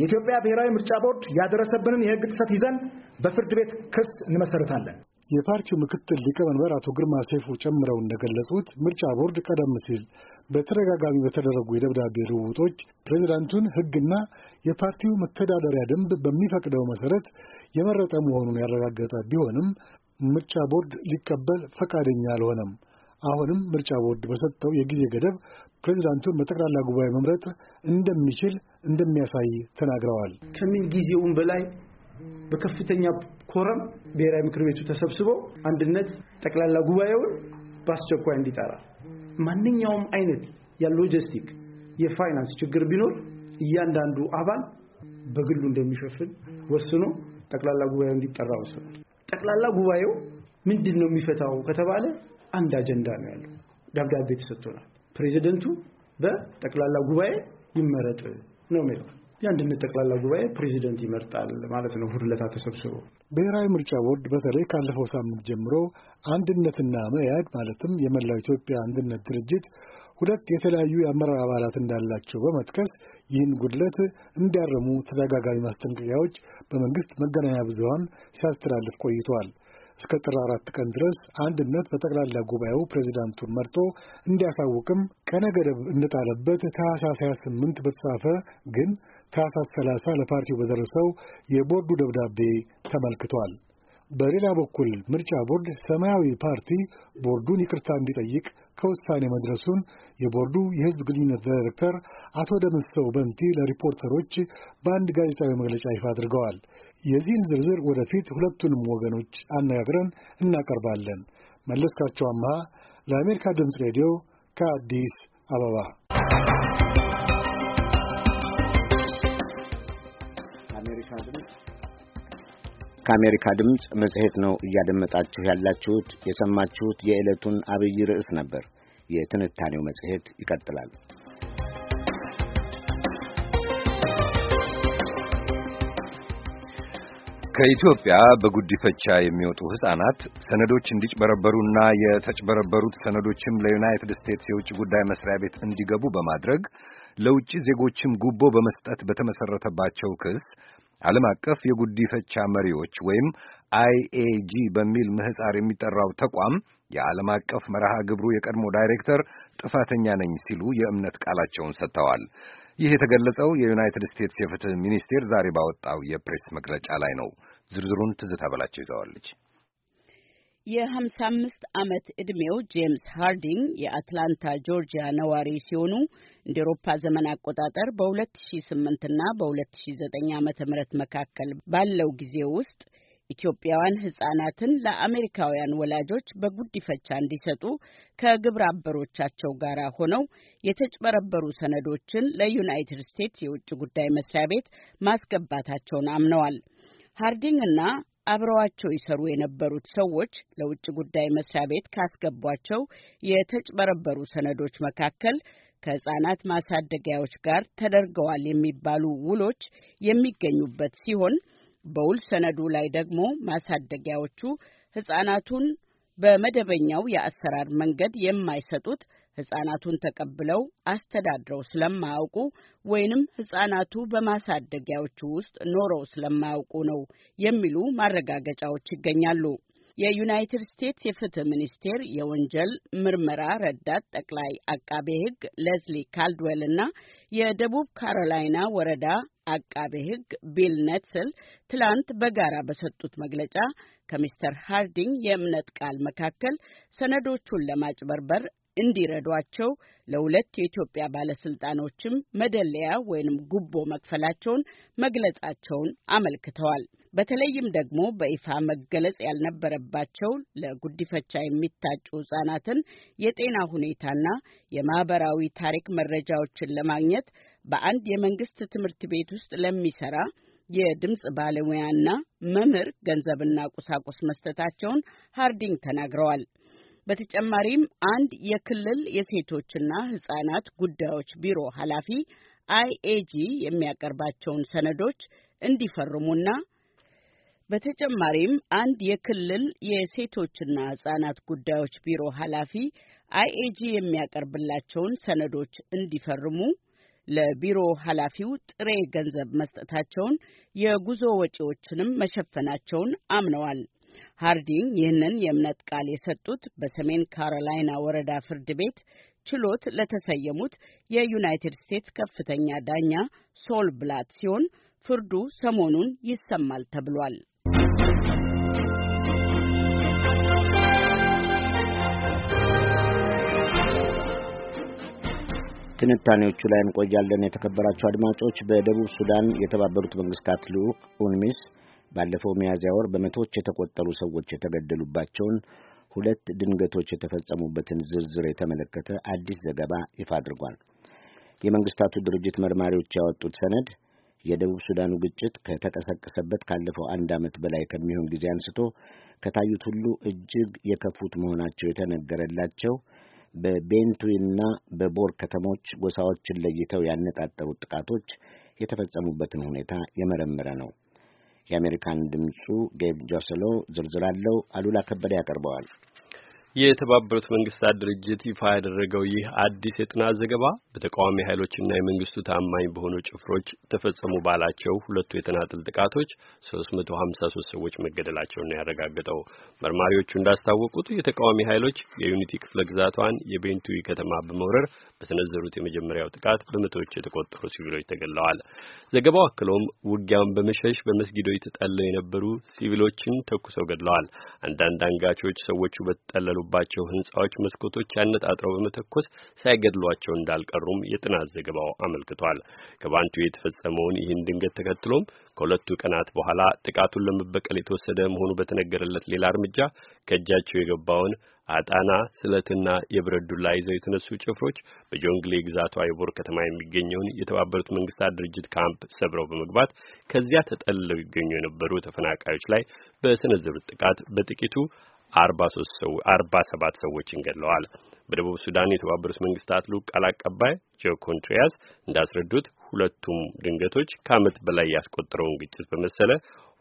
የኢትዮጵያ ብሔራዊ ምርጫ ቦርድ ያደረሰብንን የሕግ ጥሰት ይዘን በፍርድ ቤት ክስ እንመሰርታለን። የፓርቲው ምክትል ሊቀመንበር አቶ ግርማ ሴፉ ጨምረው እንደገለጹት ምርጫ ቦርድ ቀደም ሲል በተደጋጋሚ በተደረጉ የደብዳቤ ልውውጦች ፕሬዚዳንቱን ሕግና የፓርቲው መተዳደሪያ ደንብ በሚፈቅደው መሰረት የመረጠ መሆኑን ያረጋገጠ ቢሆንም ምርጫ ቦርድ ሊቀበል ፈቃደኛ አልሆነም። አሁንም ምርጫ ቦርድ በሰጠው የጊዜ ገደብ ፕሬዚዳንቱን በጠቅላላ ጉባኤ መምረጥ እንደሚችል እንደሚያሳይ ተናግረዋል። ከምን ጊዜውም በላይ በከፍተኛ ኮረም ብሔራዊ ምክር ቤቱ ተሰብስቦ አንድነት ጠቅላላ ጉባኤውን በአስቸኳይ እንዲጠራ ማንኛውም አይነት የሎጂስቲክ የፋይናንስ ችግር ቢኖር እያንዳንዱ አባል በግሉ እንደሚሸፍን ወስኖ ጠቅላላ ጉባኤ እንዲጠራ ወስኗል። ጠቅላላ ጉባኤው ምንድን ነው የሚፈታው ከተባለ አንድ አጀንዳ ነው ያለው። ደብዳቤ ተሰጥቶናል። ፕሬዚደንቱ በጠቅላላ ጉባኤ ይመረጥ ነው የሚለው። የአንድነት ጠቅላላ ጉባኤ ፕሬዚደንት ይመርጣል ማለት ነው። ሁለታ ተሰብስቦ ብሔራዊ ምርጫ ቦርድ በተለይ ካለፈው ሳምንት ጀምሮ አንድነትና መያድ ማለትም የመላው ኢትዮጵያ አንድነት ድርጅት ሁለት የተለያዩ የአመራር አባላት እንዳላቸው በመጥቀስ ይህን ጉድለት እንዲያረሙ ተደጋጋሚ ማስጠንቀቂያዎች በመንግስት መገናኛ ብዙኃን ሲያስተላልፍ ቆይተዋል። እስከ ጥር አራት ቀን ድረስ አንድነት በጠቅላላ ጉባኤው ፕሬዚዳንቱን መርጦ እንዲያሳውቅም ቀነ ገደብ እንደጣለበት ታህሳስ 28 በተጻፈ ግን ታህሳስ 30 ለፓርቲው በደረሰው የቦርዱ ደብዳቤ ተመልክቷል። በሌላ በኩል ምርጫ ቦርድ ሰማያዊ ፓርቲ ቦርዱን ይቅርታ እንዲጠይቅ ከውሳኔ መድረሱን የቦርዱ የሕዝብ ግንኙነት ዳይሬክተር አቶ ደምሰው በንቲ ለሪፖርተሮች በአንድ ጋዜጣዊ መግለጫ ይፋ አድርገዋል። የዚህን ዝርዝር ወደፊት ሁለቱንም ወገኖች አነጋግረን እናቀርባለን። መለስካቸው አምሃ ለአሜሪካ ድምፅ ሬዲዮ ከአዲስ አበባ አሜሪካ ድምፅ ከአሜሪካ ድምፅ መጽሔት ነው እያደመጣችሁ ያላችሁት። የሰማችሁት የዕለቱን አብይ ርዕስ ነበር። የትንታኔው መጽሔት ይቀጥላል። ከኢትዮጵያ በጉዲፈቻ የሚወጡ ሕፃናት ሰነዶች እንዲጭበረበሩና የተጭበረበሩት ሰነዶችም ለዩናይትድ ስቴትስ የውጭ ጉዳይ መስሪያ ቤት እንዲገቡ በማድረግ ለውጭ ዜጎችም ጉቦ በመስጠት በተመሰረተባቸው ክስ ዓለም አቀፍ የጉዲፈቻ መሪዎች ወይም አይኤጂ በሚል ምህፃር የሚጠራው ተቋም የዓለም አቀፍ መርሃ ግብሩ የቀድሞ ዳይሬክተር ጥፋተኛ ነኝ ሲሉ የእምነት ቃላቸውን ሰጥተዋል። ይህ የተገለጸው የዩናይትድ ስቴትስ የፍትህ ሚኒስቴር ዛሬ ባወጣው የፕሬስ መግለጫ ላይ ነው። ዝርዝሩን ትዝታ በላቸው ይዘዋለች። የ55 ዓመት ዕድሜው ጄምስ ሃርዲንግ የአትላንታ ጆርጂያ ነዋሪ ሲሆኑ እንደ ኤሮፓ ዘመን አቆጣጠር በ2008 እና በ2009 ዓ ም መካከል ባለው ጊዜ ውስጥ ኢትዮጵያውያን ሕፃናትን ለአሜሪካውያን ወላጆች በጉዲፈቻ እንዲሰጡ ከግብረ አበሮቻቸው ጋር ሆነው የተጭበረበሩ ሰነዶችን ለዩናይትድ ስቴትስ የውጭ ጉዳይ መስሪያ ቤት ማስገባታቸውን አምነዋል። ሃርዲንግ እና አብረዋቸው ይሰሩ የነበሩት ሰዎች ለውጭ ጉዳይ መስሪያ ቤት ካስገቧቸው የተጭበረበሩ ሰነዶች መካከል ከህጻናት ማሳደጊያዎች ጋር ተደርገዋል የሚባሉ ውሎች የሚገኙበት ሲሆን በውል ሰነዱ ላይ ደግሞ ማሳደጊያዎቹ ህጻናቱን በመደበኛው የአሰራር መንገድ የማይሰጡት ሕፃናቱን ተቀብለው አስተዳድረው ስለማያውቁ ወይንም ሕፃናቱ በማሳደጊያዎቹ ውስጥ ኖረው ስለማያውቁ ነው የሚሉ ማረጋገጫዎች ይገኛሉ። የዩናይትድ ስቴትስ የፍትህ ሚኒስቴር የወንጀል ምርመራ ረዳት ጠቅላይ አቃቤ ሕግ ሌዝሊ ካልድዌል እና የደቡብ ካሮላይና ወረዳ አቃቤ ሕግ ቢል ነትስል ትላንት በጋራ በሰጡት መግለጫ ከሚስተር ሃርዲንግ የእምነት ቃል መካከል ሰነዶቹን ለማጭበርበር እንዲረዷቸው ለሁለት የኢትዮጵያ ባለስልጣኖችም መደለያ ወይንም ጉቦ መክፈላቸውን መግለጻቸውን አመልክተዋል። በተለይም ደግሞ በይፋ መገለጽ ያልነበረባቸው ለጉዲፈቻ የሚታጩ ህጻናትን የጤና ሁኔታና የማህበራዊ ታሪክ መረጃዎችን ለማግኘት በአንድ የመንግስት ትምህርት ቤት ውስጥ ለሚሰራ የድምፅ ባለሙያና መምህር ገንዘብና ቁሳቁስ መስጠታቸውን ሃርዲንግ ተናግረዋል። በተጨማሪም አንድ የክልል የሴቶችና ህጻናት ጉዳዮች ቢሮ ኃላፊ አይኤጂ የሚያቀርባቸውን ሰነዶች እንዲፈርሙና በተጨማሪም አንድ የክልል የሴቶችና ህጻናት ጉዳዮች ቢሮ ኃላፊ አይኤጂ የሚያቀርብላቸውን ሰነዶች እንዲፈርሙ ለቢሮ ኃላፊው ጥሬ ገንዘብ መስጠታቸውን የጉዞ ወጪዎችንም መሸፈናቸውን አምነዋል። ሃርዲንግ ይህንን የእምነት ቃል የሰጡት በሰሜን ካሮላይና ወረዳ ፍርድ ቤት ችሎት ለተሰየሙት የዩናይትድ ስቴትስ ከፍተኛ ዳኛ ሶል ብላት ሲሆን ፍርዱ ሰሞኑን ይሰማል ተብሏል። ትንታኔዎቹ ላይ እንቆያለን። የተከበራቸው አድማጮች፣ በደቡብ ሱዳን የተባበሩት መንግስታት ልዑክ ኡንሚስ ባለፈው ሚያዝያ ወር በመቶዎች የተቆጠሩ ሰዎች የተገደሉባቸውን ሁለት ድንገቶች የተፈጸሙበትን ዝርዝር የተመለከተ አዲስ ዘገባ ይፋ አድርጓል። የመንግስታቱ ድርጅት መርማሪዎች ያወጡት ሰነድ የደቡብ ሱዳኑ ግጭት ከተቀሰቀሰበት ካለፈው አንድ ዓመት በላይ ከሚሆን ጊዜ አንስቶ ከታዩት ሁሉ እጅግ የከፉት መሆናቸው የተነገረላቸው በቤንቱዊና በቦር ከተሞች ጎሳዎችን ለይተው ያነጣጠሩት ጥቃቶች የተፈጸሙበትን ሁኔታ የመረመረ ነው። የአሜሪካን ድምፁ ጌብ ጆሰሎ ዝርዝር አለው። አሉላ ከበደ ያቀርበዋል። የተባበሩት መንግስታት ድርጅት ይፋ ያደረገው ይህ አዲስ የጥናት ዘገባ በተቃዋሚ ኃይሎችና የመንግስቱ ታማኝ በሆኑ ጭፍሮች ተፈጸሙ ባላቸው ሁለቱ የተናጥል ጥቃቶች 353 ሰዎች መገደላቸውን ነው ያረጋገጠው። መርማሪዎቹ እንዳስታወቁት የተቃዋሚ ኃይሎች የዩኒቲ ክፍለ ግዛቷን የቤንቱዊ ከተማ በመውረር በሰነዘሩት የመጀመሪያው ጥቃት በመቶዎች የተቆጠሩ ሲቪሎች ተገድለዋል። ዘገባው አክሎም ውጊያውን በመሸሽ በመስጊዶች ተጠልለው የነበሩ ሲቪሎችን ተኩሰው ገድለዋል። አንዳንድ አንጋቾች ሰዎቹ በተጠለሉ በተጣሉባቸው ህንጻዎች መስኮቶች ያነጣጥረው በመተኮስ ሳይገድሏቸው እንዳልቀሩም የጥናት ዘገባው አመልክቷል። ከባንቱ የተፈጸመውን ይህን ድንገት ተከትሎም ከሁለቱ ቀናት በኋላ ጥቃቱን ለመበቀል የተወሰደ መሆኑ በተነገረለት ሌላ እርምጃ ከእጃቸው የገባውን አጣና ስለትና የብረት ዱላ ይዘው የተነሱ ጭፍሮች በጆንግሌ ግዛቷ የቦር ከተማ የሚገኘውን የተባበሩት መንግስታት ድርጅት ካምፕ ሰብረው በመግባት ከዚያ ተጠልለው ይገኙ የነበሩ ተፈናቃዮች ላይ በሰነዘሩት ጥቃት በጥቂቱ አርባ ሰባት ሰዎችን ገድለዋል። በደቡብ ሱዳን የተባበሩት መንግስታት ልዑክ ቃል አቀባይ ጆ ኮንትሪያስ እንዳስረዱት ሁለቱም ድንገቶች ከዓመት በላይ ያስቆጠረውን ግጭት በመሰለ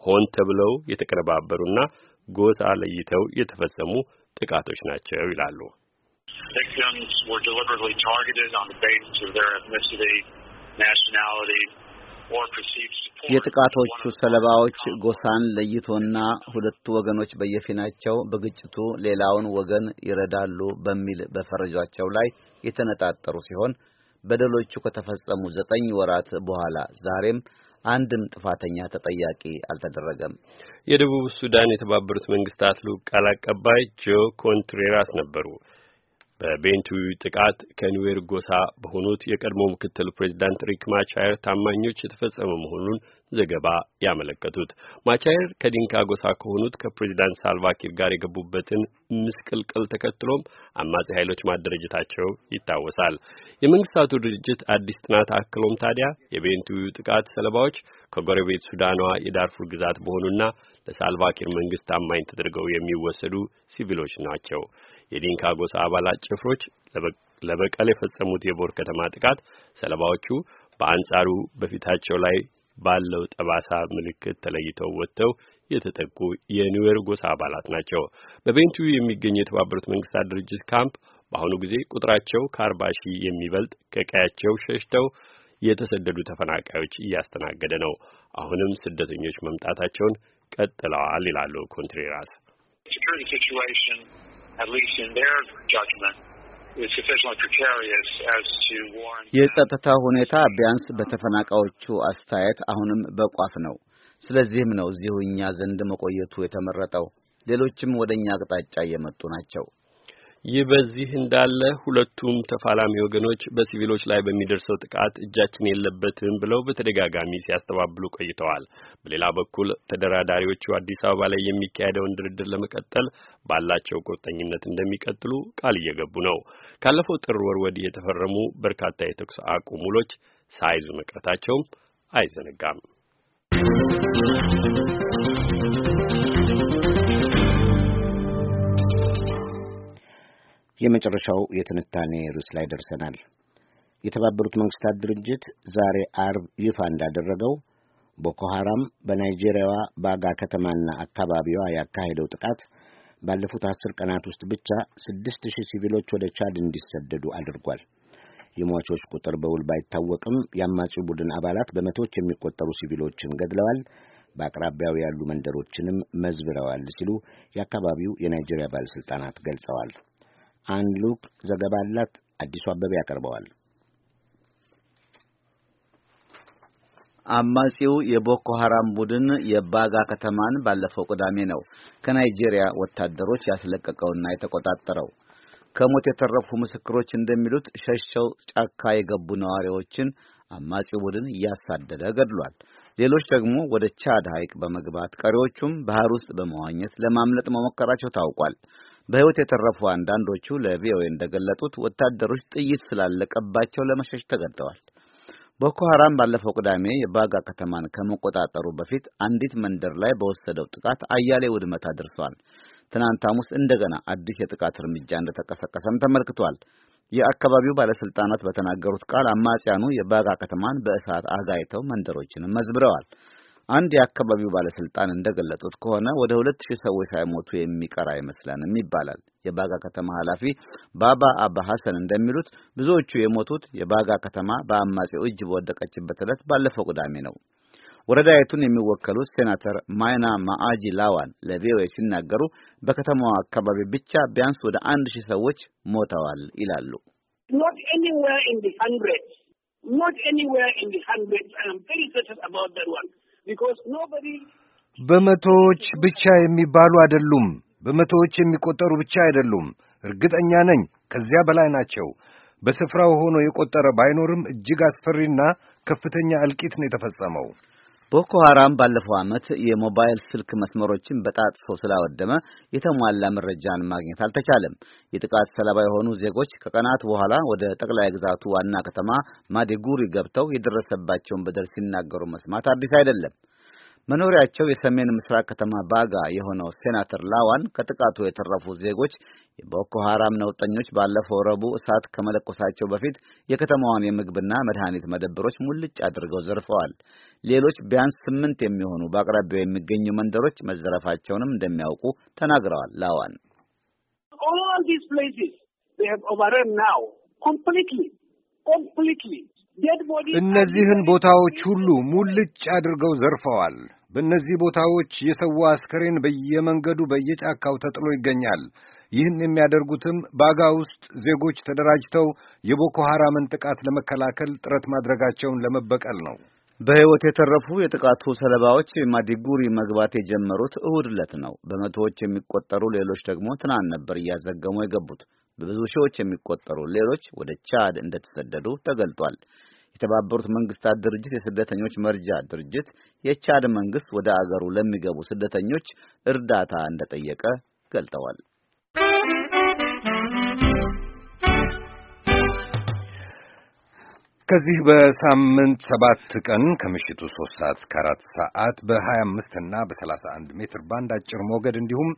ሆን ተብለው የተቀነባበሩና ጎሳ ለይተው የተፈጸሙ ጥቃቶች ናቸው ይላሉ። victims were deliberately targeted on the basis of their ethnicity, nationality, የጥቃቶቹ ሰለባዎች ጎሳን ለይቶና ሁለቱ ወገኖች በየፊናቸው በግጭቱ ሌላውን ወገን ይረዳሉ በሚል በፈረጃቸው ላይ የተነጣጠሩ ሲሆን በደሎቹ ከተፈጸሙ ዘጠኝ ወራት በኋላ ዛሬም አንድም ጥፋተኛ ተጠያቂ አልተደረገም። የደቡብ ሱዳን የተባበሩት መንግስታት ልዑክ ቃል አቀባይ ጆ ኮንትሬራስ ነበሩ። በቤንቱ ጥቃት ከኒዌር ጎሳ በሆኑት የቀድሞ ምክትል ፕሬዚዳንት ሪክ ማቻየር ታማኞች የተፈጸመ መሆኑን ዘገባ ያመለከቱት ማቻየር ከዲንካ ጎሳ ከሆኑት ከፕሬዚዳንት ሳልቫኪር ጋር የገቡበትን ምስቅልቅል ተከትሎም አማጺ ኃይሎች ማደረጀታቸው ይታወሳል። የመንግስታቱ ድርጅት አዲስ ጥናት አክሎም ታዲያ የቤንቱ ጥቃት ሰለባዎች ከጎረቤት ሱዳኗ የዳርፉር ግዛት በሆኑና ለሳልቫኪር መንግስት ታማኝ ተደርገው የሚወሰዱ ሲቪሎች ናቸው። የዲንካ ጎሳ አባላት ጭፍሮች ለበቀል የፈጸሙት የቦር ከተማ ጥቃት ሰለባዎቹ በአንጻሩ በፊታቸው ላይ ባለው ጠባሳ ምልክት ተለይተው ወጥተው የተጠቁ የኒዌር ጎሳ አባላት ናቸው። በቤንቱ የሚገኘው የተባበሩት መንግስታት ድርጅት ካምፕ በአሁኑ ጊዜ ቁጥራቸው ከአርባ ሺህ የሚበልጥ ከቀያቸው ሸሽተው የተሰደዱ ተፈናቃዮች እያስተናገደ ነው። አሁንም ስደተኞች መምጣታቸውን ቀጥለዋል ይላሉ ኮንትሬራስ የጸጥታ ሁኔታ ቢያንስ በተፈናቃዮቹ አስተያየት አሁንም በቋፍ ነው። ስለዚህም ነው እዚሁ እኛ ዘንድ መቆየቱ የተመረጠው። ሌሎችም ወደ እኛ አቅጣጫ እየመጡ ናቸው። ይህ በዚህ እንዳለ ሁለቱም ተፋላሚ ወገኖች በሲቪሎች ላይ በሚደርሰው ጥቃት እጃችን የለበትም ብለው በተደጋጋሚ ሲያስተባብሉ ቆይተዋል። በሌላ በኩል ተደራዳሪዎቹ አዲስ አበባ ላይ የሚካሄደውን ድርድር ለመቀጠል ባላቸው ቁርጠኝነት እንደሚቀጥሉ ቃል እየገቡ ነው። ካለፈው ጥር ወር ወዲህ የተፈረሙ በርካታ የተኩስ አቁም ውሎች ሳይዙ መቅረታቸውም አይዘነጋም። የመጨረሻው የትንታኔ ርዕስ ላይ ደርሰናል። የተባበሩት መንግስታት ድርጅት ዛሬ አርብ ይፋ እንዳደረገው ቦኮ ሐራም በናይጄሪያዋ ባጋ ከተማና አካባቢዋ ያካሄደው ጥቃት ባለፉት አስር ቀናት ውስጥ ብቻ ስድስት ሺህ ሲቪሎች ወደ ቻድ እንዲሰደዱ አድርጓል። የሟቾች ቁጥር በውል ባይታወቅም የአማጺው ቡድን አባላት በመቶዎች የሚቆጠሩ ሲቪሎችን ገድለዋል፣ በአቅራቢያው ያሉ መንደሮችንም መዝብረዋል ሲሉ የአካባቢው የናይጄሪያ ባለሥልጣናት ገልጸዋል። አንሉክ ዘገባ አላት። አዲሱ አበበ ያቀርበዋል። አማጺው የቦኮ ሐራም ቡድን የባጋ ከተማን ባለፈው ቅዳሜ ነው ከናይጄሪያ ወታደሮች ያስለቀቀውና የተቆጣጠረው። ከሞት የተረፉ ምስክሮች እንደሚሉት ሸሸው ጫካ የገቡ ነዋሪዎችን አማጺው ቡድን እያሳደደ ገድሏል። ሌሎች ደግሞ ወደ ቻድ ሐይቅ በመግባት ቀሪዎቹም ባህር ውስጥ በመዋኘት ለማምለጥ መሞከራቸው ታውቋል። በሕይወት የተረፉ አንዳንዶቹ ለቪኦኤ እንደገለጡት ወታደሮች ጥይት ስላለቀባቸው ለመሸሽ ተገደዋል። ቦኮ ሐራም ባለፈው ቅዳሜ የባጋ ከተማን ከመቆጣጠሩ በፊት አንዲት መንደር ላይ በወሰደው ጥቃት አያሌ ውድመት አድርሷል። ትናንት ሐሙስ እንደገና አዲስ የጥቃት እርምጃ እንደተቀሰቀሰም ተመልክቷል። የአካባቢው ባለስልጣናት በተናገሩት ቃል አማጽያኑ የባጋ ከተማን በእሳት አጋይተው መንደሮችንም መዝብረዋል። አንድ የአካባቢው ባለስልጣን እንደገለጡት ከሆነ ወደ ሁለት ሺህ ሰዎች ሳይሞቱ የሚቀር አይመስለንም ይባላል። የባጋ ከተማ ኃላፊ ባባ አባ ሐሰን እንደሚሉት ብዙዎቹ የሞቱት የባጋ ከተማ በአማጺው እጅ በወደቀችበት ዕለት ባለፈው ቅዳሜ ነው። ወረዳይቱን የሚወከሉት ሴናተር ማይና ማአጂ ላዋን ለቪኦኤ ሲናገሩ በከተማዋ አካባቢ ብቻ ቢያንስ ወደ አንድ ሺህ ሰዎች ሞተዋል ይላሉ። በመቶዎች ብቻ የሚባሉ አይደሉም። በመቶዎች የሚቆጠሩ ብቻ አይደሉም። እርግጠኛ ነኝ ከዚያ በላይ ናቸው። በስፍራው ሆኖ የቆጠረ ባይኖርም እጅግ አስፈሪና ከፍተኛ እልቂት ነው የተፈጸመው። ቦኮ ሐራም ባለፈው ዓመት የሞባይል ስልክ መስመሮችን በጣጥፎ ስላወደመ የተሟላ መረጃን ማግኘት አልተቻለም። የጥቃት ሰለባ የሆኑ ዜጎች ከቀናት በኋላ ወደ ጠቅላይ ግዛቱ ዋና ከተማ ማዲጉሪ ገብተው የደረሰባቸውን በደል ሲናገሩ መስማት አዲስ አይደለም። መኖሪያቸው የሰሜን ምስራቅ ከተማ ባጋ የሆነው ሴናተር ላዋን ከጥቃቱ የተረፉ ዜጎች የቦኮ ሐራም ነውጠኞች ባለፈው ረቡዕ እሳት ከመለኮሳቸው በፊት የከተማዋን የምግብና መድኃኒት መደብሮች ሙልጭ አድርገው ዘርፈዋል። ሌሎች ቢያንስ ስምንት የሚሆኑ በአቅራቢያው የሚገኙ መንደሮች መዘረፋቸውንም እንደሚያውቁ ተናግረዋል። ላዋን እነዚህን ቦታዎች ሁሉ ሙልጭ አድርገው ዘርፈዋል። በእነዚህ ቦታዎች የሰው አስከሬን በየመንገዱ በየጫካው ተጥሎ ይገኛል። ይህን የሚያደርጉትም ባጋ ውስጥ ዜጎች ተደራጅተው የቦኮ ሐራምን ጥቃት ለመከላከል ጥረት ማድረጋቸውን ለመበቀል ነው። በሕይወት የተረፉ የጥቃቱ ሰለባዎች ማዲጉሪ መግባት የጀመሩት እሁድ ዕለት ነው። በመቶዎች የሚቆጠሩ ሌሎች ደግሞ ትናንት ነበር እያዘገሙ የገቡት። በብዙ ሺዎች የሚቆጠሩ ሌሎች ወደ ቻድ እንደተሰደዱ ተገልጧል። የተባበሩት መንግስታት ድርጅት የስደተኞች መርጃ ድርጅት የቻድ መንግስት ወደ አገሩ ለሚገቡ ስደተኞች እርዳታ እንደጠየቀ ገልጠዋል። ከዚህ በሳምንት ሰባት ቀን ከምሽቱ ሶስት ሰዓት እስከ አራት ሰዓት በሀያ አምስት እና በሰላሳ አንድ ሜትር ባንድ አጭር ሞገድ እንዲሁም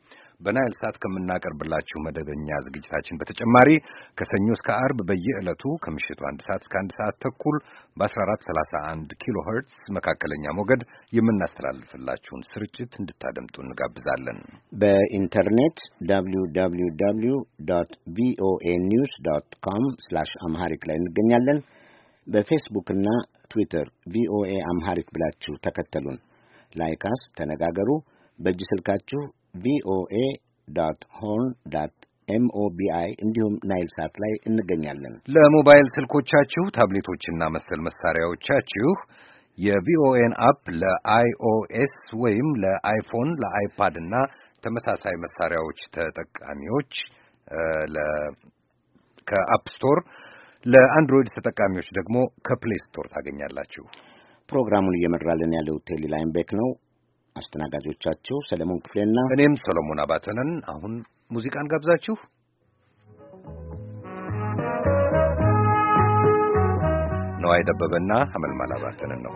በናይል ሳት ከምናቀርብላችሁ መደበኛ ዝግጅታችን በተጨማሪ ከሰኞ እስከ አርብ በየዕለቱ ከምሽቱ አንድ ሰዓት እስከ አንድ ሰዓት ተኩል በ1431 ኪሎ ሄርትስ መካከለኛ ሞገድ የምናስተላልፍላችሁን ስርጭት እንድታደምጡ እንጋብዛለን። በኢንተርኔት www ቪኦኤ ኒውስ ዶት ኮም ስላሽ አምሃሪክ ላይ እንገኛለን። በፌስቡክና ትዊተር ቪኦኤ አምሃሪክ ብላችሁ ተከተሉን። ላይካስ ተነጋገሩ። በእጅ ስልካችሁ ቪኦኤ ዶት ሆርን ዶት ኤምኦቢአይ እንዲሁም ናይል ሳት ላይ እንገኛለን። ለሞባይል ስልኮቻችሁ ታብሌቶችና መሰል መሳሪያዎቻችሁ የቪኦኤን አፕ ለአይኦኤስ ወይም ለአይፎን፣ ለአይፓድ እና ተመሳሳይ መሳሪያዎች ተጠቃሚዎች ከአፕ ስቶር ለአንድሮይድ ተጠቃሚዎች ደግሞ ከፕሌይ ስቶር ታገኛላችሁ። ፕሮግራሙን እየመራልን ያለው ቴሌ ላይም ቤክ ነው። አስተናጋጆቻችሁ ሰለሞን ክፍሌና እኔም ሰሎሞን አባተነን። አሁን ሙዚቃን ጋብዛችሁ ነዋይ ደበበና አመልማል አባተንን ነው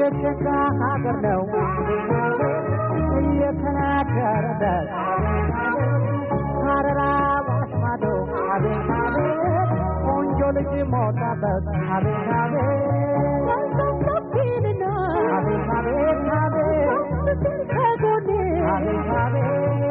የኢትዮጵያ ሀገር ነው እየተናገረበት ሀረራ ባሽማዶ አቤት አቤት ቆንጆ ልጅ ሞታበት አቤት አቤት አቤት አቤት አቤት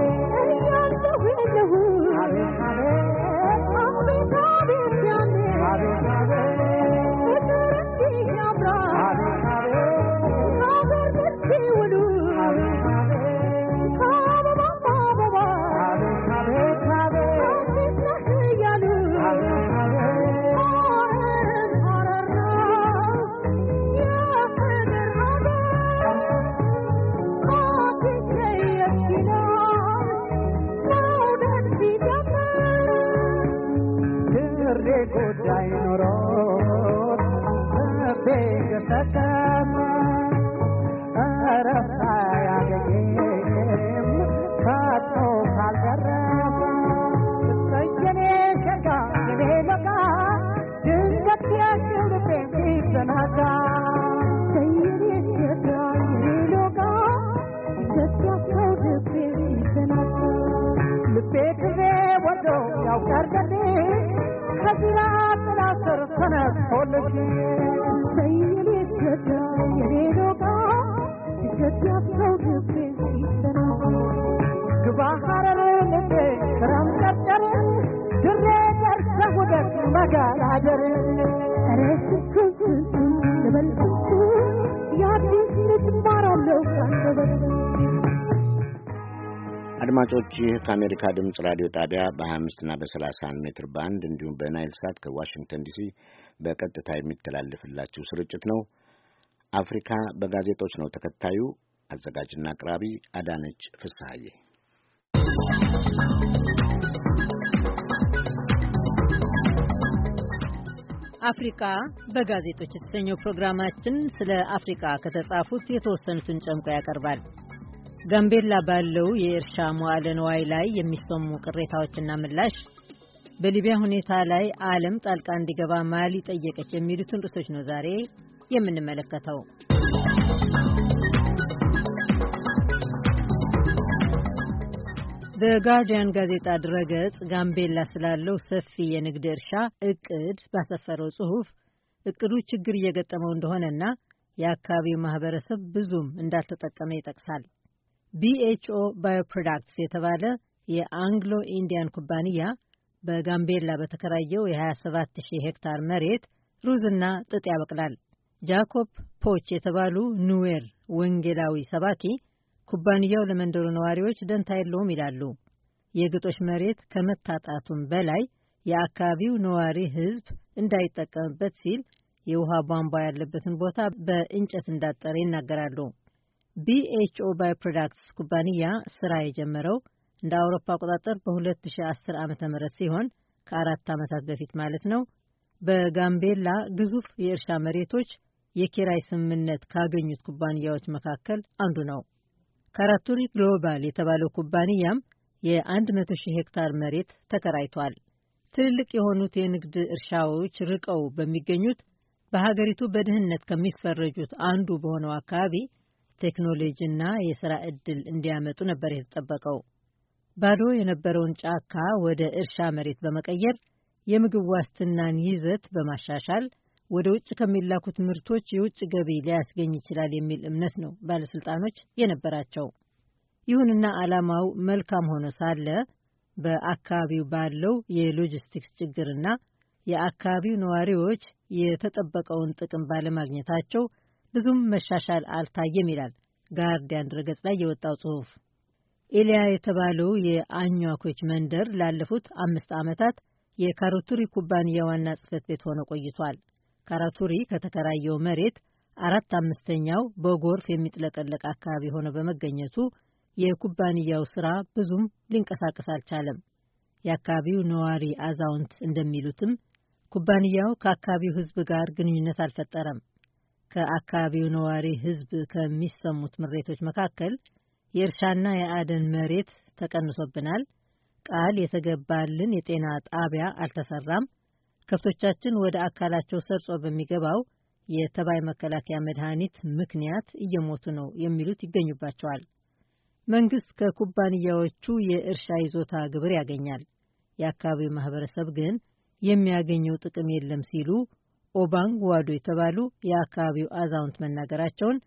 ቀርቀዴ ከዚራ ጥላ ስር ተነጥፎልሽ ሰይሌሸዳ የሌሎ ጋ ድገትያፍተው ግቤ ድሬ ደርሰ ውደቅ መጋላደር ረስችን ስልቱ ልበልፍቱ አድማጮች ይህ ከአሜሪካ ድምፅ ራዲዮ ጣቢያ በ25 እና በ31 ሜትር ባንድ እንዲሁም በናይል ሳት ከዋሽንግተን ዲሲ በቀጥታ የሚተላልፍላችሁ ስርጭት ነው። አፍሪካ በጋዜጦች ነው ተከታዩ። አዘጋጅና አቅራቢ አዳነች ፍስሐዬ። አፍሪካ በጋዜጦች የተሰኘው ፕሮግራማችን ስለ አፍሪካ ከተጻፉት የተወሰኑትን ጨምቆ ያቀርባል። ጋምቤላ ባለው የእርሻ መዋለ ንዋይ ላይ የሚሰሙ ቅሬታዎችና ምላሽ፣ በሊቢያ ሁኔታ ላይ ዓለም ጣልቃ እንዲገባ ማሊ ጠየቀች የሚሉትን ርዕሶች ነው ዛሬ የምንመለከተው። በጋርዲያን ጋዜጣ ድረገጽ ጋምቤላ ስላለው ሰፊ የንግድ እርሻ እቅድ ባሰፈረው ጽሑፍ እቅዱ ችግር እየገጠመው እንደሆነና የአካባቢው ማህበረሰብ ብዙም እንዳልተጠቀመ ይጠቅሳል። ቢኤችኦ ባዮፕሮዳክትስ የተባለ የአንግሎ ኢንዲያን ኩባንያ በጋምቤላ በተከራየው የ27000 ሄክታር መሬት ሩዝና ጥጥ ያበቅላል። ጃኮብ ፖች የተባሉ ኑዌር ወንጌላዊ ሰባኪ ኩባንያው ለመንደሩ ነዋሪዎች ደንታ የለውም ይላሉ። የግጦሽ መሬት ከመታጣቱም በላይ የአካባቢው ነዋሪ ሕዝብ እንዳይጠቀምበት ሲል የውሃ ቧንቧ ያለበትን ቦታ በእንጨት እንዳጠረ ይናገራሉ። ቢኤችኦ ባይ ፕሮዳክትስ ኩባንያ ስራ የጀመረው እንደ አውሮፓ አቆጣጠር በ2010 ዓ ም ሲሆን ከአራት ዓመታት በፊት ማለት ነው። በጋምቤላ ግዙፍ የእርሻ መሬቶች የኪራይ ስምምነት ካገኙት ኩባንያዎች መካከል አንዱ ነው። ካራቱሪ ግሎባል የተባለው ኩባንያም የ100 ሺህ ሄክታር መሬት ተከራይቷል። ትልልቅ የሆኑት የንግድ እርሻዎች ርቀው በሚገኙት በሀገሪቱ በድህነት ከሚፈረጁት አንዱ በሆነው አካባቢ ቴክኖሎጂና የሥራ ዕድል እንዲያመጡ ነበር የተጠበቀው። ባዶ የነበረውን ጫካ ወደ እርሻ መሬት በመቀየር የምግብ ዋስትናን ይዘት በማሻሻል ወደ ውጭ ከሚላኩት ምርቶች የውጭ ገቢ ሊያስገኝ ይችላል የሚል እምነት ነው ባለሥልጣኖች የነበራቸው። ይሁንና ዓላማው መልካም ሆኖ ሳለ በአካባቢው ባለው የሎጂስቲክስ ችግርና የአካባቢው ነዋሪዎች የተጠበቀውን ጥቅም ባለማግኘታቸው ብዙም መሻሻል አልታየም ይላል ጋርዲያን ድረገጽ ላይ የወጣው ጽሑፍ። ኤልያ የተባለው የአኟኮች መንደር ላለፉት አምስት ዓመታት የካራቱሪ ኩባንያ ዋና ጽህፈት ቤት ሆኖ ቆይቷል። ካራቱሪ ከተከራየው መሬት አራት አምስተኛው በጎርፍ የሚጥለቀለቅ አካባቢ ሆኖ በመገኘቱ የኩባንያው ስራ ብዙም ሊንቀሳቀስ አልቻለም። የአካባቢው ነዋሪ አዛውንት እንደሚሉትም ኩባንያው ከአካባቢው ሕዝብ ጋር ግንኙነት አልፈጠረም። ከአካባቢው ነዋሪ ህዝብ ከሚሰሙት ምሬቶች መካከል የእርሻና የአደን መሬት ተቀንሶብናል፣ ቃል የተገባልን የጤና ጣቢያ አልተሰራም፣ ከብቶቻችን ወደ አካላቸው ሰርጾ በሚገባው የተባይ መከላከያ መድኃኒት ምክንያት እየሞቱ ነው የሚሉት ይገኙባቸዋል። መንግስት ከኩባንያዎቹ የእርሻ ይዞታ ግብር ያገኛል፣ የአካባቢው ማህበረሰብ ግን የሚያገኘው ጥቅም የለም ሲሉ ኦባንግ ዋዶ የተባሉ የአካባቢው አዛውንት መናገራቸውን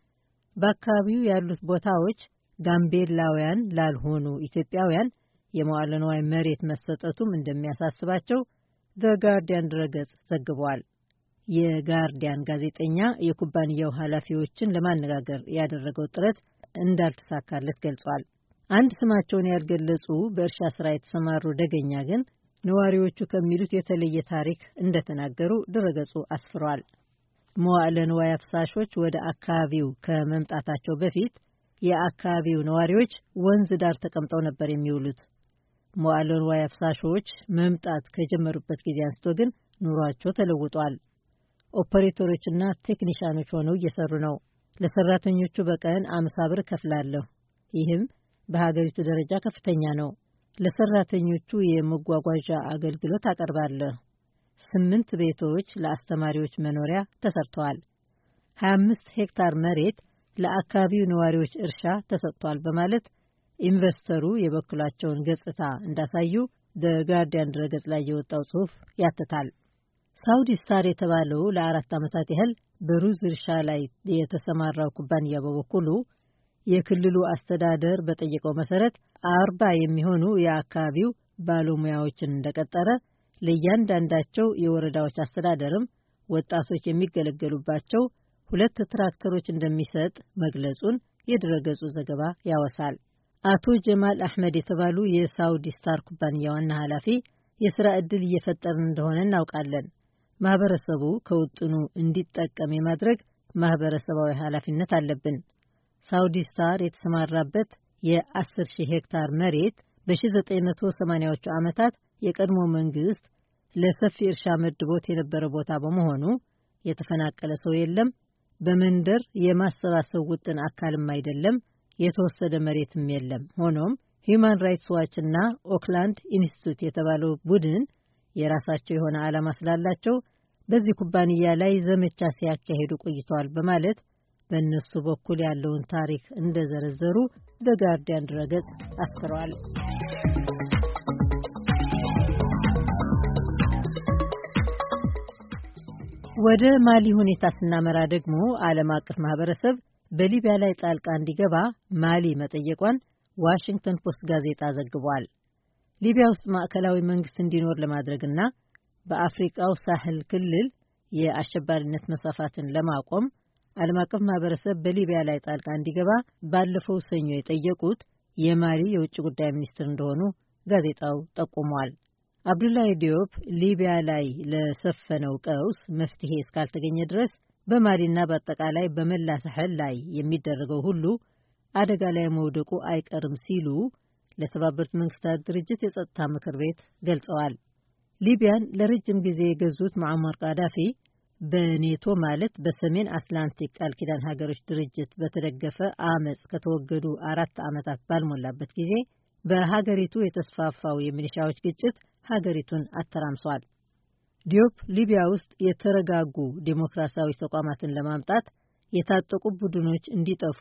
በአካባቢው ያሉት ቦታዎች ጋምቤላውያን ላልሆኑ ኢትዮጵያውያን የመዋለ ንዋይ መሬት መሰጠቱም እንደሚያሳስባቸው ዘጋርዲያን ድረገጽ ዘግቧል። የጋርዲያን ጋዜጠኛ የኩባንያው ኃላፊዎችን ለማነጋገር ያደረገው ጥረት እንዳልተሳካለት ገልጿል። አንድ ስማቸውን ያልገለጹ በእርሻ ስራ የተሰማሩ ደገኛ ግን ነዋሪዎቹ ከሚሉት የተለየ ታሪክ እንደተናገሩ ድረገጹ አስፍሯል። መዋዕለ ንዋይ አፍሳሾች ወደ አካባቢው ከመምጣታቸው በፊት የአካባቢው ነዋሪዎች ወንዝ ዳር ተቀምጠው ነበር የሚውሉት። መዋዕለ ንዋይ አፍሳሾች መምጣት ከጀመሩበት ጊዜ አንስቶ ግን ኑሯቸው ተለውጧል። ኦፐሬተሮችና ቴክኒሽያኖች ሆነው እየሰሩ ነው። ለሰራተኞቹ በቀን አምሳ ብር ከፍላለሁ። ይህም በሀገሪቱ ደረጃ ከፍተኛ ነው። ለሰራተኞቹ የመጓጓዣ አገልግሎት አቀርባለሁ። ስምንት ቤቶች ለአስተማሪዎች መኖሪያ ተሰርተዋል። 25 ሄክታር መሬት ለአካባቢው ነዋሪዎች እርሻ ተሰጥቷል በማለት ኢንቨስተሩ የበኩላቸውን ገጽታ እንዳሳዩ በጋርዲያን ድረገጽ ላይ የወጣው ጽሑፍ ያትታል። ሳውዲ ስታር የተባለው ለአራት ዓመታት ያህል በሩዝ እርሻ ላይ የተሰማራው ኩባንያ በበኩሉ የክልሉ አስተዳደር በጠየቀው መሰረት አርባ የሚሆኑ የአካባቢው ባለሙያዎችን እንደቀጠረ ለእያንዳንዳቸው የወረዳዎች አስተዳደርም ወጣቶች የሚገለገሉባቸው ሁለት ትራክተሮች እንደሚሰጥ መግለጹን የድረገጹ ዘገባ ያወሳል። አቶ ጀማል አሕመድ የተባሉ የሳውዲ ስታር ኩባንያ ዋና ኃላፊ የሥራ ዕድል እየፈጠርን እንደሆነ እናውቃለን። ማኅበረሰቡ ከውጥኑ እንዲጠቀም የማድረግ ማኅበረሰባዊ ኃላፊነት አለብን። ሳውዲ ስታር የተሰማራበት የ10 ሺህ ሄክታር መሬት በ1980ዎቹ ዓመታት የቀድሞ መንግስት ለሰፊ እርሻ መድቦት የነበረ ቦታ በመሆኑ የተፈናቀለ ሰው የለም፣ በመንደር የማሰባሰብ ውጥን አካልም አይደለም፣ የተወሰደ መሬትም የለም። ሆኖም ሂዩማን ራይትስ ዋችና ኦክላንድ ኢንስቲትዩት የተባለው ቡድን የራሳቸው የሆነ ዓላማ ስላላቸው በዚህ ኩባንያ ላይ ዘመቻ ሲያካሂዱ ቆይተዋል በማለት በእነሱ በኩል ያለውን ታሪክ እንደዘረዘሩ በጋርዲያን ድረገጽ አስፍረዋል። ወደ ማሊ ሁኔታ ስናመራ ደግሞ ዓለም አቀፍ ማህበረሰብ በሊቢያ ላይ ጣልቃ እንዲገባ ማሊ መጠየቋን ዋሽንግተን ፖስት ጋዜጣ ዘግቧል። ሊቢያ ውስጥ ማዕከላዊ መንግስት እንዲኖር ለማድረግና በአፍሪቃው ሳህል ክልል የአሸባሪነት መስፋፋትን ለማቆም ዓለም አቀፍ ማህበረሰብ በሊቢያ ላይ ጣልቃ እንዲገባ ባለፈው ሰኞ የጠየቁት የማሊ የውጭ ጉዳይ ሚኒስትር እንደሆኑ ጋዜጣው ጠቁሟል። አብዱላሂ ዲዮፕ ሊቢያ ላይ ለሰፈነው ቀውስ መፍትሄ እስካልተገኘ ድረስ በማሊና በአጠቃላይ በመላ ሳህል ላይ የሚደረገው ሁሉ አደጋ ላይ መውደቁ አይቀርም ሲሉ ለተባበሩት መንግስታት ድርጅት የጸጥታ ምክር ቤት ገልጸዋል። ሊቢያን ለረጅም ጊዜ የገዙት ማዕመር ቃዳፊ በኔቶ ማለት በሰሜን አትላንቲክ ቃል ኪዳን ሀገሮች ድርጅት በተደገፈ አመፅ ከተወገዱ አራት ዓመታት ባልሞላበት ጊዜ በሀገሪቱ የተስፋፋው የሚሊሻዎች ግጭት ሀገሪቱን አተራምሷል። ዲዮፕ ሊቢያ ውስጥ የተረጋጉ ዴሞክራሲያዊ ተቋማትን ለማምጣት የታጠቁ ቡድኖች እንዲጠፉ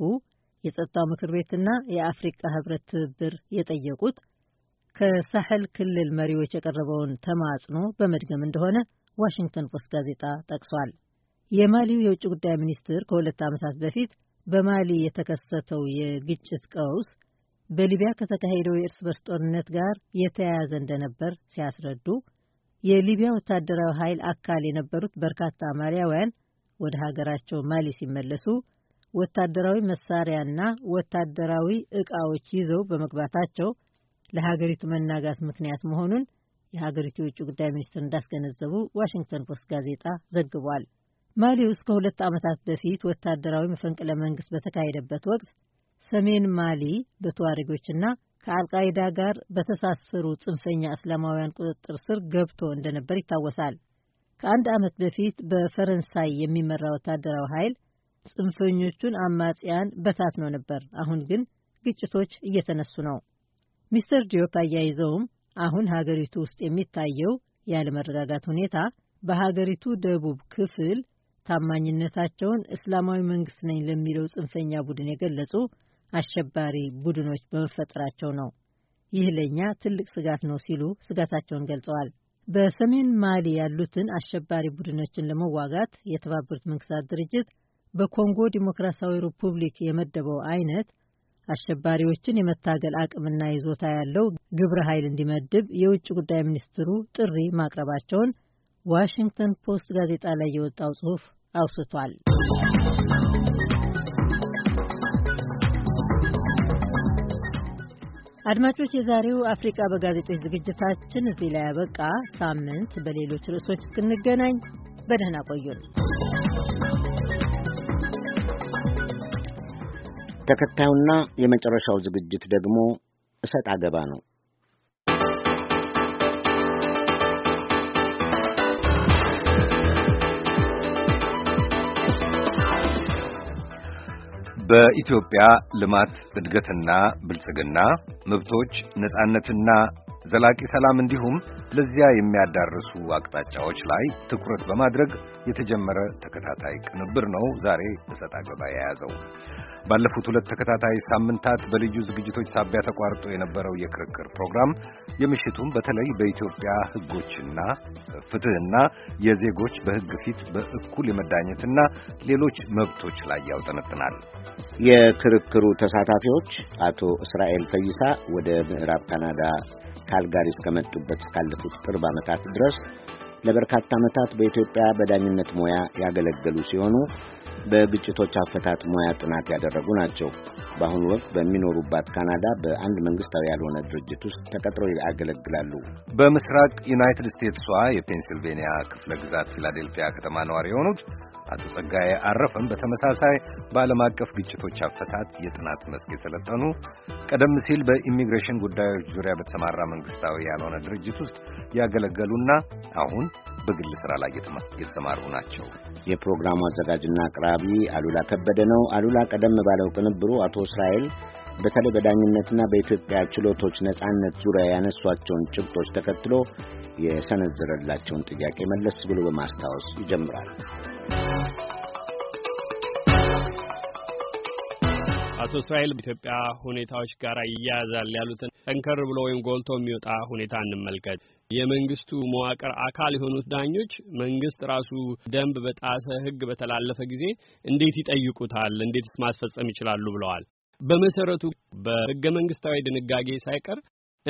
የጸጥታው ምክር ቤትና የአፍሪቃ ህብረት ትብብር የጠየቁት ከሳሕል ክልል መሪዎች የቀረበውን ተማጽኖ በመድገም እንደሆነ ዋሽንግተን ፖስት ጋዜጣ ጠቅሷል። የማሊው የውጭ ጉዳይ ሚኒስትር ከሁለት ዓመታት በፊት በማሊ የተከሰተው የግጭት ቀውስ በሊቢያ ከተካሄደው የእርስ በርስ ጦርነት ጋር የተያያዘ እንደነበር ሲያስረዱ የሊቢያ ወታደራዊ ኃይል አካል የነበሩት በርካታ ማሊያውያን ወደ ሀገራቸው ማሊ ሲመለሱ ወታደራዊ መሳሪያና ወታደራዊ ዕቃዎች ይዘው በመግባታቸው ለሀገሪቱ መናጋት ምክንያት መሆኑን የሀገሪቱ የውጭ ጉዳይ ሚኒስትር እንዳስገነዘቡ ዋሽንግተን ፖስት ጋዜጣ ዘግቧል። ማሊ ውስጥ ከሁለት ዓመታት በፊት ወታደራዊ መፈንቅለ መንግስት በተካሄደበት ወቅት ሰሜን ማሊ በተዋረጎችና ከአልቃይዳ ጋር በተሳሰሩ ጽንፈኛ እስላማውያን ቁጥጥር ስር ገብቶ እንደነበር ይታወሳል። ከአንድ ዓመት በፊት በፈረንሳይ የሚመራ ወታደራዊ ኃይል ጽንፈኞቹን አማጽያን በታትኖ ነበር። አሁን ግን ግጭቶች እየተነሱ ነው። ሚስተር ዲዮፕ አያይዘውም አሁን ሀገሪቱ ውስጥ የሚታየው ያለመረጋጋት ሁኔታ በሀገሪቱ ደቡብ ክፍል ታማኝነታቸውን እስላማዊ መንግስት ነኝ ለሚለው ጽንፈኛ ቡድን የገለጹ አሸባሪ ቡድኖች በመፈጠራቸው ነው። ይህ ለእኛ ትልቅ ስጋት ነው ሲሉ ስጋታቸውን ገልጸዋል። በሰሜን ማሊ ያሉትን አሸባሪ ቡድኖችን ለመዋጋት የተባበሩት መንግስታት ድርጅት በኮንጎ ዲሞክራሲያዊ ሪፑብሊክ የመደበው አይነት አሸባሪዎችን የመታገል አቅምና ይዞታ ያለው ግብረ ኃይል እንዲመድብ የውጭ ጉዳይ ሚኒስትሩ ጥሪ ማቅረባቸውን ዋሽንግተን ፖስት ጋዜጣ ላይ የወጣው ጽሑፍ አውስቷል። አድማጮች፣ የዛሬው አፍሪቃ በጋዜጦች ዝግጅታችን እዚህ ላይ ያበቃ። ሳምንት በሌሎች ርዕሶች እስክንገናኝ በደህና ቆዩን። ተከታዩና የመጨረሻው ዝግጅት ደግሞ እሰጥ አገባ ነው። በኢትዮጵያ ልማት እድገትና ብልጽግና፣ መብቶች፣ ነጻነትና ዘላቂ ሰላም እንዲሁም ለዚያ የሚያዳርሱ አቅጣጫዎች ላይ ትኩረት በማድረግ የተጀመረ ተከታታይ ቅንብር ነው ዛሬ እሰጥ አገባ የያዘው። ባለፉት ሁለት ተከታታይ ሳምንታት በልዩ ዝግጅቶች ሳቢያ ተቋርጦ የነበረው የክርክር ፕሮግራም የምሽቱም በተለይ በኢትዮጵያ ሕጎችና ፍትሕና የዜጎች በሕግ ፊት በእኩል የመዳኘትና ሌሎች መብቶች ላይ ያውጠነጥናል። የክርክሩ ተሳታፊዎች አቶ እስራኤል ፈይሳ ወደ ምዕራብ ካናዳ ካልጋሪ እስከመጡበት እስካለፉት ቅርብ ዓመታት ድረስ ለበርካታ ዓመታት በኢትዮጵያ በዳኝነት ሙያ ያገለገሉ ሲሆኑ በግጭቶች አፈታት ሙያ ጥናት ያደረጉ ናቸው። በአሁኑ ወቅት በሚኖሩባት ካናዳ በአንድ መንግስታዊ ያልሆነ ድርጅት ውስጥ ተቀጥረው ያገለግላሉ። በምስራቅ ዩናይትድ ስቴትሷ የፔንሲልቬንያ ክፍለ ግዛት ፊላዴልፊያ ከተማ ነዋሪ የሆኑት አቶ ጸጋዬ አረፈም በተመሳሳይ በዓለም አቀፍ ግጭቶች አፈታት የጥናት መስክ የሰለጠኑ ቀደም ሲል በኢሚግሬሽን ጉዳዮች ዙሪያ በተሰማራ መንግስታዊ ያልሆነ ድርጅት ውስጥ ያገለገሉና አሁን በግል ስራ ላይ የተሰማሩ ናቸው። የፕሮግራሙ አዘጋጅና አቅራቢ አሉላ ከበደ ነው። አሉላ ቀደም ባለው ቅንብሩ አቶ እስራኤል በተለይ በዳኝነትና በኢትዮጵያ ችሎቶች ነጻነት ዙሪያ ያነሷቸውን ጭብጦች ተከትሎ የሰነዘረላቸውን ጥያቄ መለስ ብሎ በማስታወስ ይጀምራል። አቶ እስራኤል ኢትዮጵያ ሁኔታዎች ጋር ይያያዛል ያሉትን ጠንከር ብሎ ወይም ጎልቶ የሚወጣ ሁኔታ እንመልከት። የመንግስቱ መዋቅር አካል የሆኑት ዳኞች መንግስት ራሱ ደንብ በጣሰ ህግ በተላለፈ ጊዜ እንዴት ይጠይቁታል? እንዴትስ ማስፈጸም ይችላሉ? ብለዋል። በመሰረቱ በህገ መንግስታዊ ድንጋጌ ሳይቀር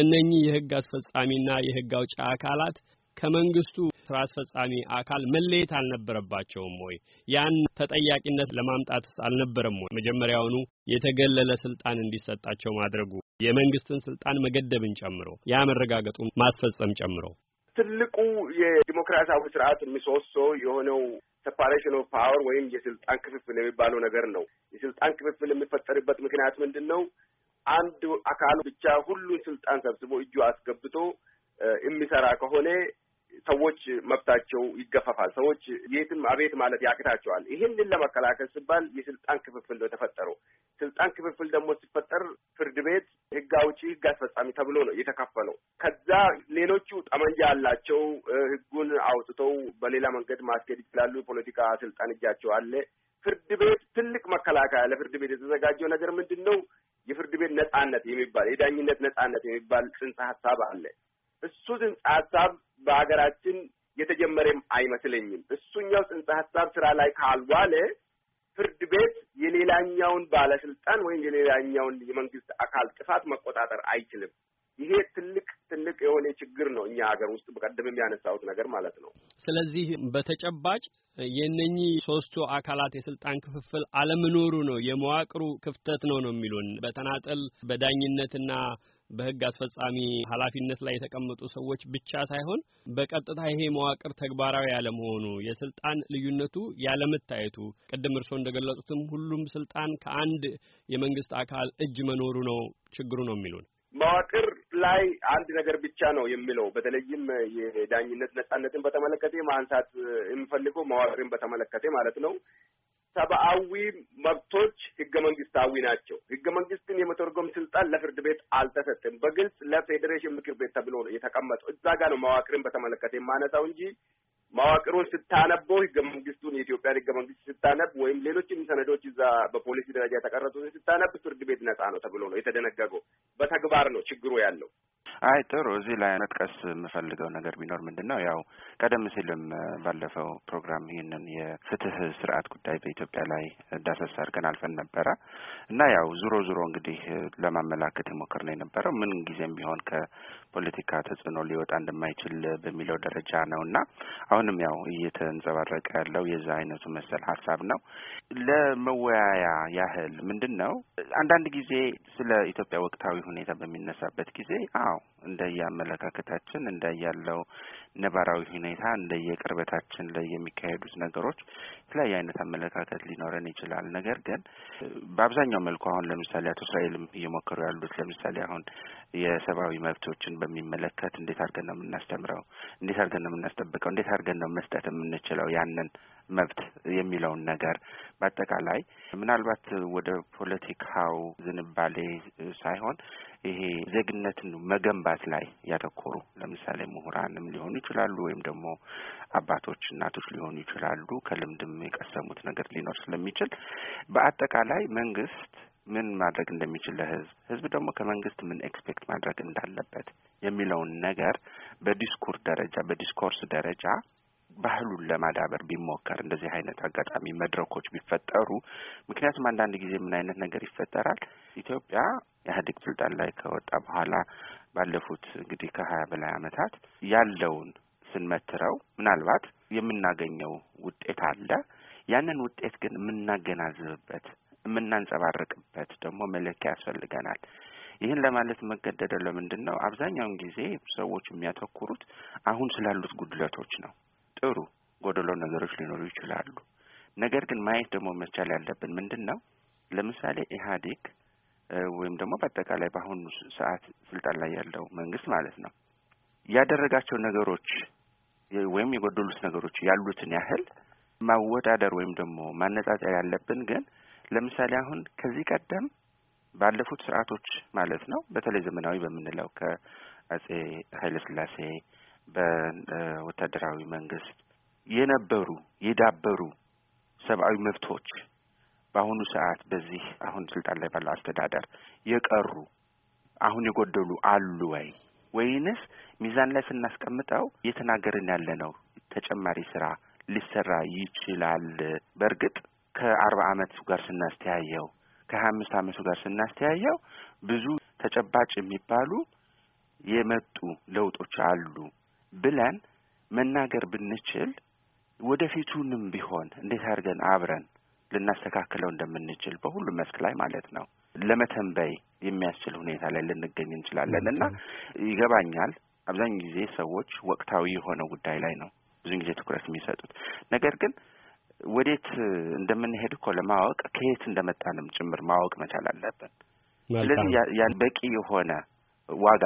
እነኚህ የህግ አስፈጻሚና የህግ አውጪ አካላት ከመንግስቱ ስራ አስፈጻሚ አካል መለየት አልነበረባቸውም ወይ? ያን ተጠያቂነት ለማምጣት አልነበረም ወይ? መጀመሪያውኑ የተገለለ ስልጣን እንዲሰጣቸው ማድረጉ የመንግስትን ስልጣን መገደብን ጨምሮ ያ መረጋገጡን ማስፈጸም ጨምሮ ትልቁ የዲሞክራሲያዊ ስርዓት ምሰሶ የሆነው ሴፓሬሽን ኦፍ ፓወር ወይም የስልጣን ክፍፍል የሚባለው ነገር ነው። የስልጣን ክፍፍል የሚፈጠርበት ምክንያት ምንድን ነው? አንድ አካል ብቻ ሁሉን ስልጣን ሰብስቦ እጁ አስገብቶ የሚሰራ ከሆነ ሰዎች መብታቸው ይገፈፋል። ሰዎች የትም አቤት ማለት ያቅታቸዋል። ይህንን ለመከላከል ሲባል የስልጣን ክፍፍል ነው የተፈጠረው። ስልጣን ክፍፍል ደግሞ ሲፈጠር ፍርድ ቤት ህግ አውጪ፣ ህግ አስፈጻሚ ተብሎ ነው የተከፈለው። ከዛ ሌሎቹ ጠመንጃ ያላቸው ህጉን አውጥተው በሌላ መንገድ ማስኬድ ይችላሉ። የፖለቲካ ስልጣን እጃቸው አለ። ፍርድ ቤት ትልቅ መከላከያ ለፍርድ ቤት የተዘጋጀው ነገር ምንድን ነው? የፍርድ ቤት ነጻነት የሚባል የዳኝነት ነጻነት የሚባል ጽንሰ ሀሳብ አለ። እሱ ጽንሰ ሀሳብ በሀገራችን የተጀመረም አይመስለኝም። እሱኛው ጽንሰ ሀሳብ ስራ ላይ ካልዋለ ፍርድ ቤት የሌላኛውን ባለስልጣን ወይም የሌላኛውን የመንግስት አካል ጥፋት መቆጣጠር አይችልም። ይሄ ትልቅ ትልቅ የሆነ ችግር ነው እኛ ሀገር ውስጥ በቀደም ያነሳሁት ነገር ማለት ነው። ስለዚህ በተጨባጭ የእነኚህ ሶስቱ አካላት የስልጣን ክፍፍል አለመኖሩ ነው የመዋቅሩ ክፍተት ነው ነው የሚሉን በተናጠል በዳኝነትና በህግ አስፈጻሚ ኃላፊነት ላይ የተቀመጡ ሰዎች ብቻ ሳይሆን በቀጥታ ይሄ መዋቅር ተግባራዊ ያለመሆኑ የስልጣን ልዩነቱ ያለመታየቱ ቅድም እርስዎ እንደገለጹትም ሁሉም ስልጣን ከአንድ የመንግስት አካል እጅ መኖሩ ነው ችግሩ ነው የሚሉን። መዋቅር ላይ አንድ ነገር ብቻ ነው የሚለው በተለይም የዳኝነት ነጻነትን በተመለከተ ማንሳት የምፈልገው መዋቅርን በተመለከተ ማለት ነው። ሰብአዊ መብቶች ህገ መንግስታዊ ናቸው። ህገ መንግስትን የመተርጎም ስልጣን ለፍርድ ቤት አልተሰጥም። በግልጽ ለፌዴሬሽን ምክር ቤት ተብሎ ነው የተቀመጠው። እዛ ጋር ነው መዋቅርን በተመለከተ የማነሳው እንጂ መዋቅሮች ስታነበው ህገ መንግስቱን የኢትዮጵያን ህገ መንግስት ስታነብ ወይም ሌሎችም ሰነዶች እዛ በፖሊሲ ደረጃ የተቀረጹትን ስታነብ ፍርድ ቤት ነጻ ነው ተብሎ ነው የተደነገገው። በተግባር ነው ችግሩ ያለው። አይ ጥሩ። እዚህ ላይ መጥቀስ የምፈልገው ነገር ቢኖር ምንድን ነው ያው ቀደም ሲልም ባለፈው ፕሮግራም ይህንን የፍትህ ስርዓት ጉዳይ በኢትዮጵያ ላይ ዳሰሳ አድርገን አልፈን ነበረ እና ያው ዙሮ ዙሮ እንግዲህ ለማመላከት ነው የነበረው ምን ጊዜም ቢሆን ከ ፖለቲካ ተጽዕኖ ሊወጣ እንደማይችል በሚለው ደረጃ ነው እና አሁንም ያው እየተንጸባረቀ ያለው የዛ አይነቱ መሰል ሀሳብ ነው። ለመወያያ ያህል ምንድን ነው አንዳንድ ጊዜ ስለ ኢትዮጵያ ወቅታዊ ሁኔታ በሚነሳበት ጊዜ አዎ እንደየአመለካከታችን እንደያለው ነባራዊ ሁኔታ እንደየቅርበታችን ላይ የሚካሄዱት ነገሮች የተለያየ አይነት አመለካከት ሊኖረን ይችላል። ነገር ግን በአብዛኛው መልኩ አሁን ለምሳሌ አቶ እስራኤልም እየሞከሩ ያሉት ለምሳሌ አሁን የሰብአዊ መብቶችን በሚመለከት እንዴት አድርገን ነው የምናስተምረው? እንዴት አድርገን ነው የምናስጠብቀው? እንዴት አድርገን ነው መስጠት የምንችለው ያንን መብት የሚለውን ነገር በአጠቃላይ ምናልባት ወደ ፖለቲካው ዝንባሌ ሳይሆን ይሄ ዜግነትን መገንባት ላይ ያተኮሩ ለምሳሌ ምሁራንም ሊሆኑ ይችላሉ፣ ወይም ደግሞ አባቶች እናቶች ሊሆኑ ይችላሉ። ከልምድም የቀሰሙት ነገር ሊኖር ስለሚችል በአጠቃላይ መንግስት ምን ማድረግ እንደሚችል ለህዝብ ህዝብ ደግሞ ከመንግስት ምን ኤክስፔክት ማድረግ እንዳለበት የሚለውን ነገር በዲስኩር ደረጃ በዲስኮርስ ደረጃ ባህሉን ለማዳበር ቢሞከር እንደዚህ አይነት አጋጣሚ መድረኮች ቢፈጠሩ። ምክንያቱም አንዳንድ ጊዜ ምን አይነት ነገር ይፈጠራል ኢትዮጵያ ኢህአዴግ ስልጣን ላይ ከወጣ በኋላ ባለፉት እንግዲህ ከሀያ በላይ አመታት ያለውን ስንመትረው ምናልባት የምናገኘው ውጤት አለ። ያንን ውጤት ግን የምናገናዝብበት የምናንጸባርቅበት ደግሞ መለኪያ ያስፈልገናል። ይህን ለማለት መገደደው ለምንድን ነው? አብዛኛውን ጊዜ ሰዎች የሚያተኩሩት አሁን ስላሉት ጉድለቶች ነው። ጥሩ ጎደሎ ነገሮች ሊኖሩ ይችላሉ። ነገር ግን ማየት ደግሞ መቻል ያለብን ምንድን ነው? ለምሳሌ ኢህአዴግ ወይም ደግሞ በአጠቃላይ በአሁኑ ሰዓት ስልጣን ላይ ያለው መንግስት ማለት ነው ያደረጋቸው ነገሮች ወይም የጎደሉት ነገሮች ያሉትን ያህል ማወዳደር ወይም ደግሞ ማነጻጸር ያለብን ግን ለምሳሌ አሁን ከዚህ ቀደም ባለፉት ስርዓቶች ማለት ነው በተለይ ዘመናዊ በምንለው ከአጼ ኃይለስላሴ በወታደራዊ መንግስት የነበሩ የዳበሩ ሰብአዊ መብቶች በአሁኑ ሰዓት በዚህ አሁን ስልጣን ላይ ባለው አስተዳደር የቀሩ አሁን የጎደሉ አሉ ወይ ወይንስ ሚዛን ላይ ስናስቀምጠው እየተናገርን ያለ ነው ተጨማሪ ስራ ሊሰራ ይችላል። በእርግጥ ከአርባ አመት ጋር ስናስተያየው ከሀያ አምስት አመቱ ጋር ስናስተያየው ብዙ ተጨባጭ የሚባሉ የመጡ ለውጦች አሉ ብለን መናገር ብንችል ወደፊቱንም ቢሆን እንዴት አድርገን አብረን ልናስተካክለው እንደምንችል በሁሉም መስክ ላይ ማለት ነው ለመተንበይ የሚያስችል ሁኔታ ላይ ልንገኝ እንችላለን እና ይገባኛል። አብዛኛው ጊዜ ሰዎች ወቅታዊ የሆነ ጉዳይ ላይ ነው ብዙን ጊዜ ትኩረት የሚሰጡት። ነገር ግን ወዴት እንደምንሄድ እኮ ለማወቅ ከየት እንደመጣንም ጭምር ማወቅ መቻል አለብን። ስለዚህ ያን በቂ የሆነ ዋጋ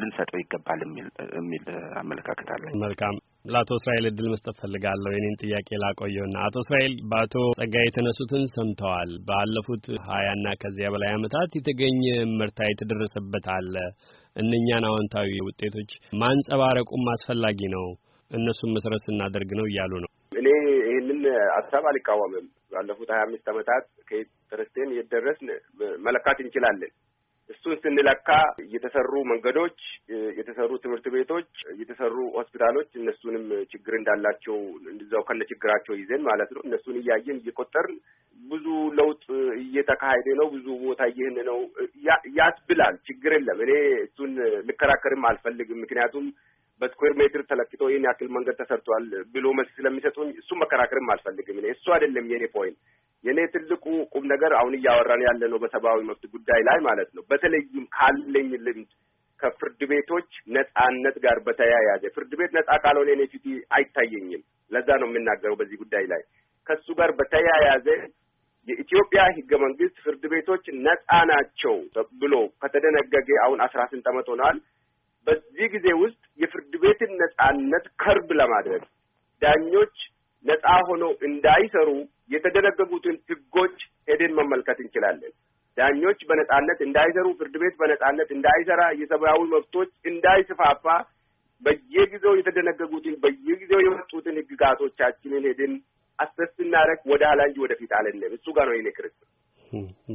ልንሰጠው ይገባል የሚል አመለካከት አለኝ። መልካም ለአቶ እስራኤል እድል መስጠት ፈልጋለሁ። የኔን ጥያቄ ላቆየውና አቶ እስራኤል በአቶ ጸጋ የተነሱትን ሰምተዋል። ባለፉት ሀያና ከዚያ በላይ ዓመታት የተገኘ ምርታ የተደረሰበት አለ። እነኛን አዎንታዊ ውጤቶች ማንጸባረቁም አስፈላጊ ነው። እነሱን መሰረት ስናደርግ ነው እያሉ ነው። እኔ ይህንን ሀሳብ አልቃወምም። ባለፉት ሀያ አምስት ዓመታት ከየት ተነስተን የት ደረስን መለካት እንችላለን። እሱን ስንለካ የተሰሩ መንገዶች፣ የተሰሩ ትምህርት ቤቶች፣ የተሰሩ ሆስፒታሎች እነሱንም ችግር እንዳላቸው እንደዚያው ከነ ችግራቸው ይዘን ማለት ነው እነሱን እያየን እየቆጠርን ብዙ ለውጥ እየተካሄደ ነው፣ ብዙ ቦታ እየህን ነው ያስብላል። ችግር የለም። እኔ እሱን ልከራከርም አልፈልግም። ምክንያቱም በስኩዌር ሜትር ተለክቶ ይህን ያክል መንገድ ተሰርቷል ብሎ መልስ ስለሚሰጡኝ እሱን መከራከርም አልፈልግም። እኔ እሱ አይደለም የእኔ ፖይንት። የእኔ ትልቁ ቁም ነገር አሁን እያወራን ያለ ነው በሰብአዊ መብት ጉዳይ ላይ ማለት ነው። በተለይም ካለኝ ልምድ ከፍርድ ቤቶች ነጻነት ጋር በተያያዘ ፍርድ ቤት ነጻ ካልሆነ እኔ ፊት አይታየኝም። ለዛ ነው የምናገረው በዚህ ጉዳይ ላይ ከሱ ጋር በተያያዘ የኢትዮጵያ ህገ መንግስት ፍርድ ቤቶች ነጻ ናቸው ብሎ ከተደነገገ አሁን አስራ ስንት ዓመት ሆኗል። በዚህ ጊዜ ውስጥ የፍርድ ቤትን ነጻነት ከርብ ለማድረግ ዳኞች ነጻ ሆነው እንዳይሰሩ የተደነገጉትን ህጎች ሄደን መመልከት እንችላለን። ዳኞች በነጻነት እንዳይሰሩ፣ ፍርድ ቤት በነጻነት እንዳይሰራ፣ የሰብአዊ መብቶች እንዳይስፋፋ በየጊዜው የተደነገጉትን በየጊዜው የመጡትን ህግጋቶቻችንን ሄድን አሰስ ስናደርግ ወደ ኋላ እንጂ ወደፊት አለለም። እሱ ጋር ነው የኔ ክርክር።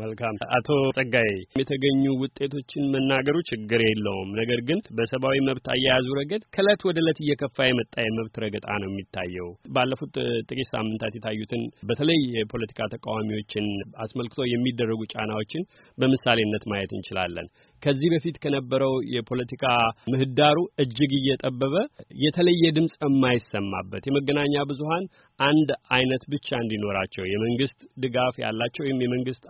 መልካም አቶ ጸጋዬ የተገኙ ውጤቶችን መናገሩ ችግር የለውም። ነገር ግን በሰብአዊ መብት አያያዙ ረገድ ከእለት ወደ እለት እየከፋ የመጣ የመብት ረገጣ ነው የሚታየው። ባለፉት ጥቂት ሳምንታት የታዩትን በተለይ የፖለቲካ ተቃዋሚዎችን አስመልክቶ የሚደረጉ ጫናዎችን በምሳሌነት ማየት እንችላለን። ከዚህ በፊት ከነበረው የፖለቲካ ምህዳሩ እጅግ እየጠበበ የተለየ ድምፅ የማይሰማበት የመገናኛ ብዙሀን አንድ አይነት ብቻ እንዲኖራቸው የመንግስት ድጋፍ ያላቸው ወይም የመንግስት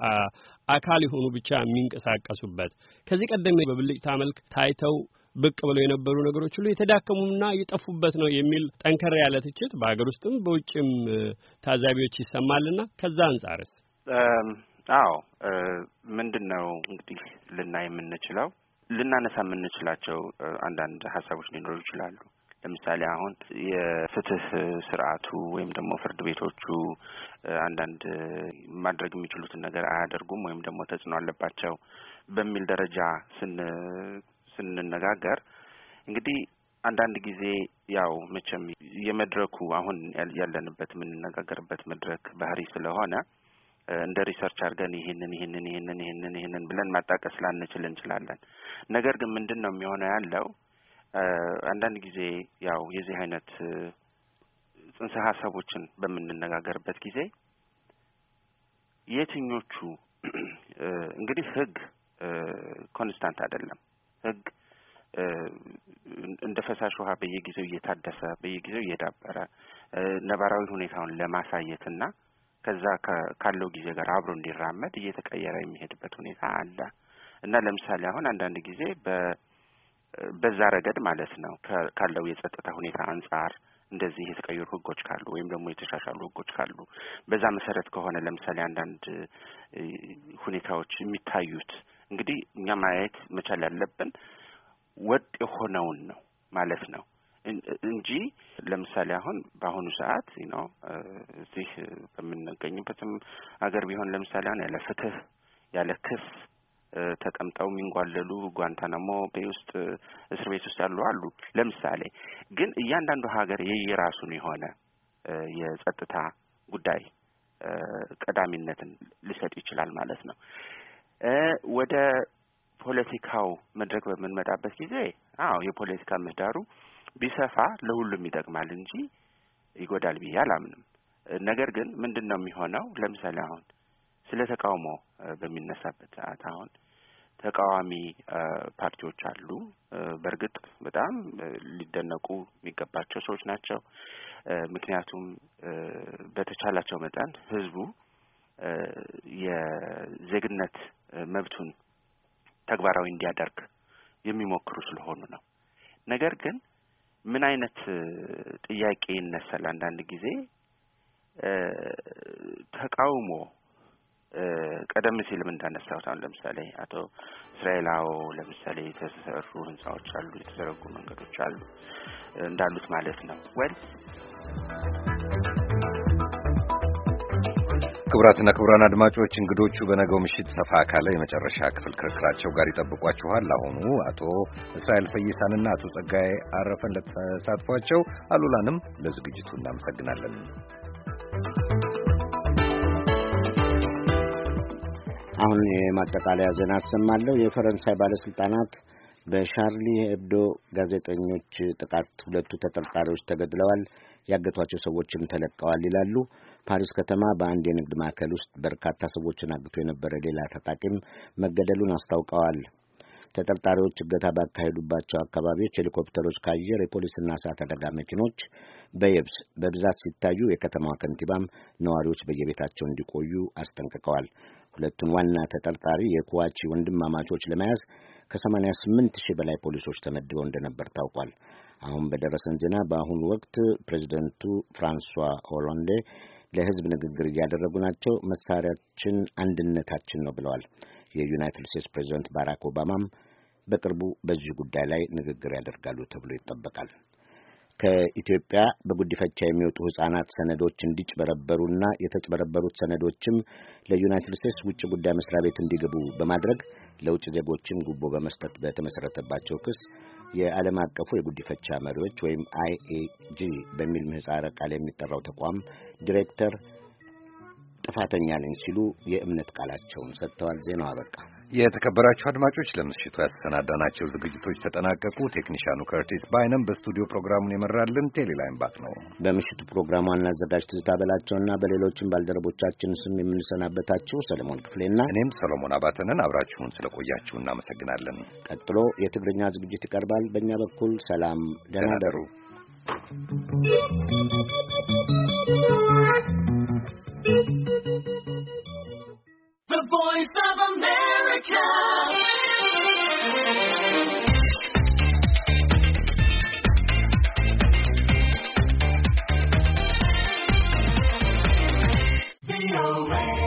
አካል የሆኑ ብቻ የሚንቀሳቀሱበት ከዚህ ቀደም በብልጭታ መልክ ታይተው ብቅ ብለው የነበሩ ነገሮች ሁሉ የተዳከሙና የጠፉበት ነው የሚል ጠንከር ያለ ትችት በሀገር ውስጥም በውጭም ታዛቢዎች ይሰማልና ከዛ አንጻርስ አዎ ምንድን ነው እንግዲህ ልናይ የምንችለው ልናነሳ የምንችላቸው አንዳንድ ሀሳቦች ሊኖሩ ይችላሉ። ለምሳሌ አሁን የፍትህ ስርዓቱ ወይም ደግሞ ፍርድ ቤቶቹ አንዳንድ ማድረግ የሚችሉትን ነገር አያደርጉም ወይም ደግሞ ተጽዕኖ አለባቸው በሚል ደረጃ ስንነጋገር እንግዲህ አንዳንድ ጊዜ ያው መቼም የመድረኩ አሁን ያለንበት የምንነጋገርበት መድረክ ባህሪ ስለሆነ እንደ ሪሰርች አድርገን ይህንን ይህንን ይህንን ይህንን ይህንን ብለን ማጣቀስ ላንችል እንችላለን። ነገር ግን ምንድን ነው የሚሆነው ያለው አንዳንድ ጊዜ ያው የዚህ አይነት ጽንሰ ሀሳቦችን በምንነጋገርበት ጊዜ የትኞቹ እንግዲህ ህግ ኮንስታንት አይደለም። ህግ እንደ ፈሳሽ ውሃ በየጊዜው እየታደሰ በየጊዜው እየዳበረ ነባራዊ ሁኔታውን ለማሳየት እና ከዛ ካለው ጊዜ ጋር አብሮ እንዲራመድ እየተቀየረ የሚሄድበት ሁኔታ አለ እና ለምሳሌ አሁን አንዳንድ ጊዜ በዛ ረገድ ማለት ነው ካለው የጸጥታ ሁኔታ አንጻር እንደዚህ የተቀየሩ ህጎች ካሉ ወይም ደግሞ የተሻሻሉ ህጎች ካሉ በዛ መሰረት ከሆነ ለምሳሌ አንዳንድ ሁኔታዎች የሚታዩት እንግዲህ እኛ ማየት መቻል ያለብን ወጥ የሆነውን ነው ማለት ነው። እንጂ ለምሳሌ አሁን በአሁኑ ሰዓት ነው እዚህ በምንገኝበትም ሀገር ቢሆን ለምሳሌ አሁን ያለ ፍትህ ያለ ክስ ተቀምጠው የሚንጓለሉ ጓንታናሞ ቤ ውስጥ እስር ቤት ውስጥ ያሉ አሉ። ለምሳሌ ግን እያንዳንዱ ሀገር የየራሱን የሆነ የጸጥታ ጉዳይ ቀዳሚነትን ሊሰጥ ይችላል ማለት ነው። ወደ ፖለቲካው መድረክ በምንመጣበት ጊዜ አዎ የፖለቲካ ምህዳሩ ቢሰፋ ለሁሉም ይጠቅማል እንጂ ይጎዳል ብዬ አላምንም። ነገር ግን ምንድን ነው የሚሆነው? ለምሳሌ አሁን ስለ ተቃውሞ በሚነሳበት ሰዓት አሁን ተቃዋሚ ፓርቲዎች አሉ። በእርግጥ በጣም ሊደነቁ የሚገባቸው ሰዎች ናቸው። ምክንያቱም በተቻላቸው መጠን ህዝቡ የዜግነት መብቱን ተግባራዊ እንዲያደርግ የሚሞክሩ ስለሆኑ ነው። ነገር ግን ምን አይነት ጥያቄ ይነሳል? አንዳንድ ጊዜ ተቃውሞ ቀደም ሲልም እንዳነሳሁት አሁን ለምሳሌ አቶ እስራኤል አዎ፣ ለምሳሌ የተሰሩ ህንጻዎች አሉ፣ የተዘረጉ መንገዶች አሉ እንዳሉት ማለት ነው ወል ክቡራትና ክቡራን አድማጮች እንግዶቹ በነገው ምሽት ሰፋ ካለ የመጨረሻ ክፍል ክርክራቸው ጋር ይጠብቋችኋል። አሁኑ አቶ እስራኤል ፈይሳንና አቶ ጸጋይ አረፈን ለተሳትፏቸው፣ አሉላንም ለዝግጅቱ እናመሰግናለን። አሁን የማጠቃለያ ዜና አሰማለሁ። የፈረንሳይ ባለስልጣናት በሻርሊ ሄብዶ ጋዜጠኞች ጥቃት ሁለቱ ተጠርጣሪዎች ተገድለዋል፣ ያገቷቸው ሰዎችም ተለቀዋል ይላሉ። ፓሪስ ከተማ በአንድ የንግድ ማዕከል ውስጥ በርካታ ሰዎችን አግቶ የነበረ ሌላ ታጣቂም መገደሉን አስታውቀዋል። ተጠርጣሪዎች እገታ ባካሄዱባቸው አካባቢዎች ሄሊኮፕተሮች ከአየር፣ የፖሊስና እሳት አደጋ መኪኖች በየብስ በብዛት ሲታዩ የከተማዋ ከንቲባም ነዋሪዎች በየቤታቸው እንዲቆዩ አስጠንቅቀዋል። ሁለቱን ዋና ተጠርጣሪ የኩዋቺ ወንድማማቾች ለመያዝ ከ88 ሺህ በላይ ፖሊሶች ተመድበው እንደነበር ታውቋል። አሁን በደረሰን ዜና በአሁኑ ወቅት ፕሬዚደንቱ ፍራንሷ ሆላንዴ ለህዝብ ንግግር እያደረጉ ናቸው። መሳሪያችን አንድነታችን ነው ብለዋል። የዩናይትድ ስቴትስ ፕሬዚደንት ባራክ ኦባማም በቅርቡ በዚህ ጉዳይ ላይ ንግግር ያደርጋሉ ተብሎ ይጠበቃል። ከኢትዮጵያ በጉዲፈቻ የሚወጡ ሕጻናት ሰነዶች እንዲጭበረበሩና የተጭበረበሩት ሰነዶችም ለዩናይትድ ስቴትስ ውጭ ጉዳይ መስሪያ ቤት እንዲገቡ በማድረግ ለውጭ ዜጎችም ጉቦ በመስጠት በተመሰረተባቸው ክስ የዓለም አቀፉ የጉዲፈቻ መሪዎች ወይም አይኤጂ በሚል ምህፃረ ቃል የሚጠራው ተቋም ዲሬክተር ጥፋተኛ ነኝ ሲሉ የእምነት ቃላቸውን ሰጥተዋል። ዜናው አበቃ። የተከበራችሁ አድማጮች ለምሽቱ ያሰናዳናቸው ዝግጅቶች ተጠናቀቁ። ቴክኒሻኑ ከርቲስ ባይነም በስቱዲዮ ፕሮግራሙን የመራልን ቴሌላይን ባክ ነው። በምሽቱ ፕሮግራሙ ዋና አዘጋጅ ትዝታ በላቸውና በሌሎችም ባልደረቦቻችን ስም የምንሰናበታችሁ ሰለሞን ክፍሌና እኔም ሰሎሞን አባተንን አብራችሁን ስለቆያችሁ እናመሰግናለን። ቀጥሎ የትግርኛ ዝግጅት ይቀርባል። በእኛ በኩል ሰላም፣ ደህና ደሩ። The voice of America. Be away.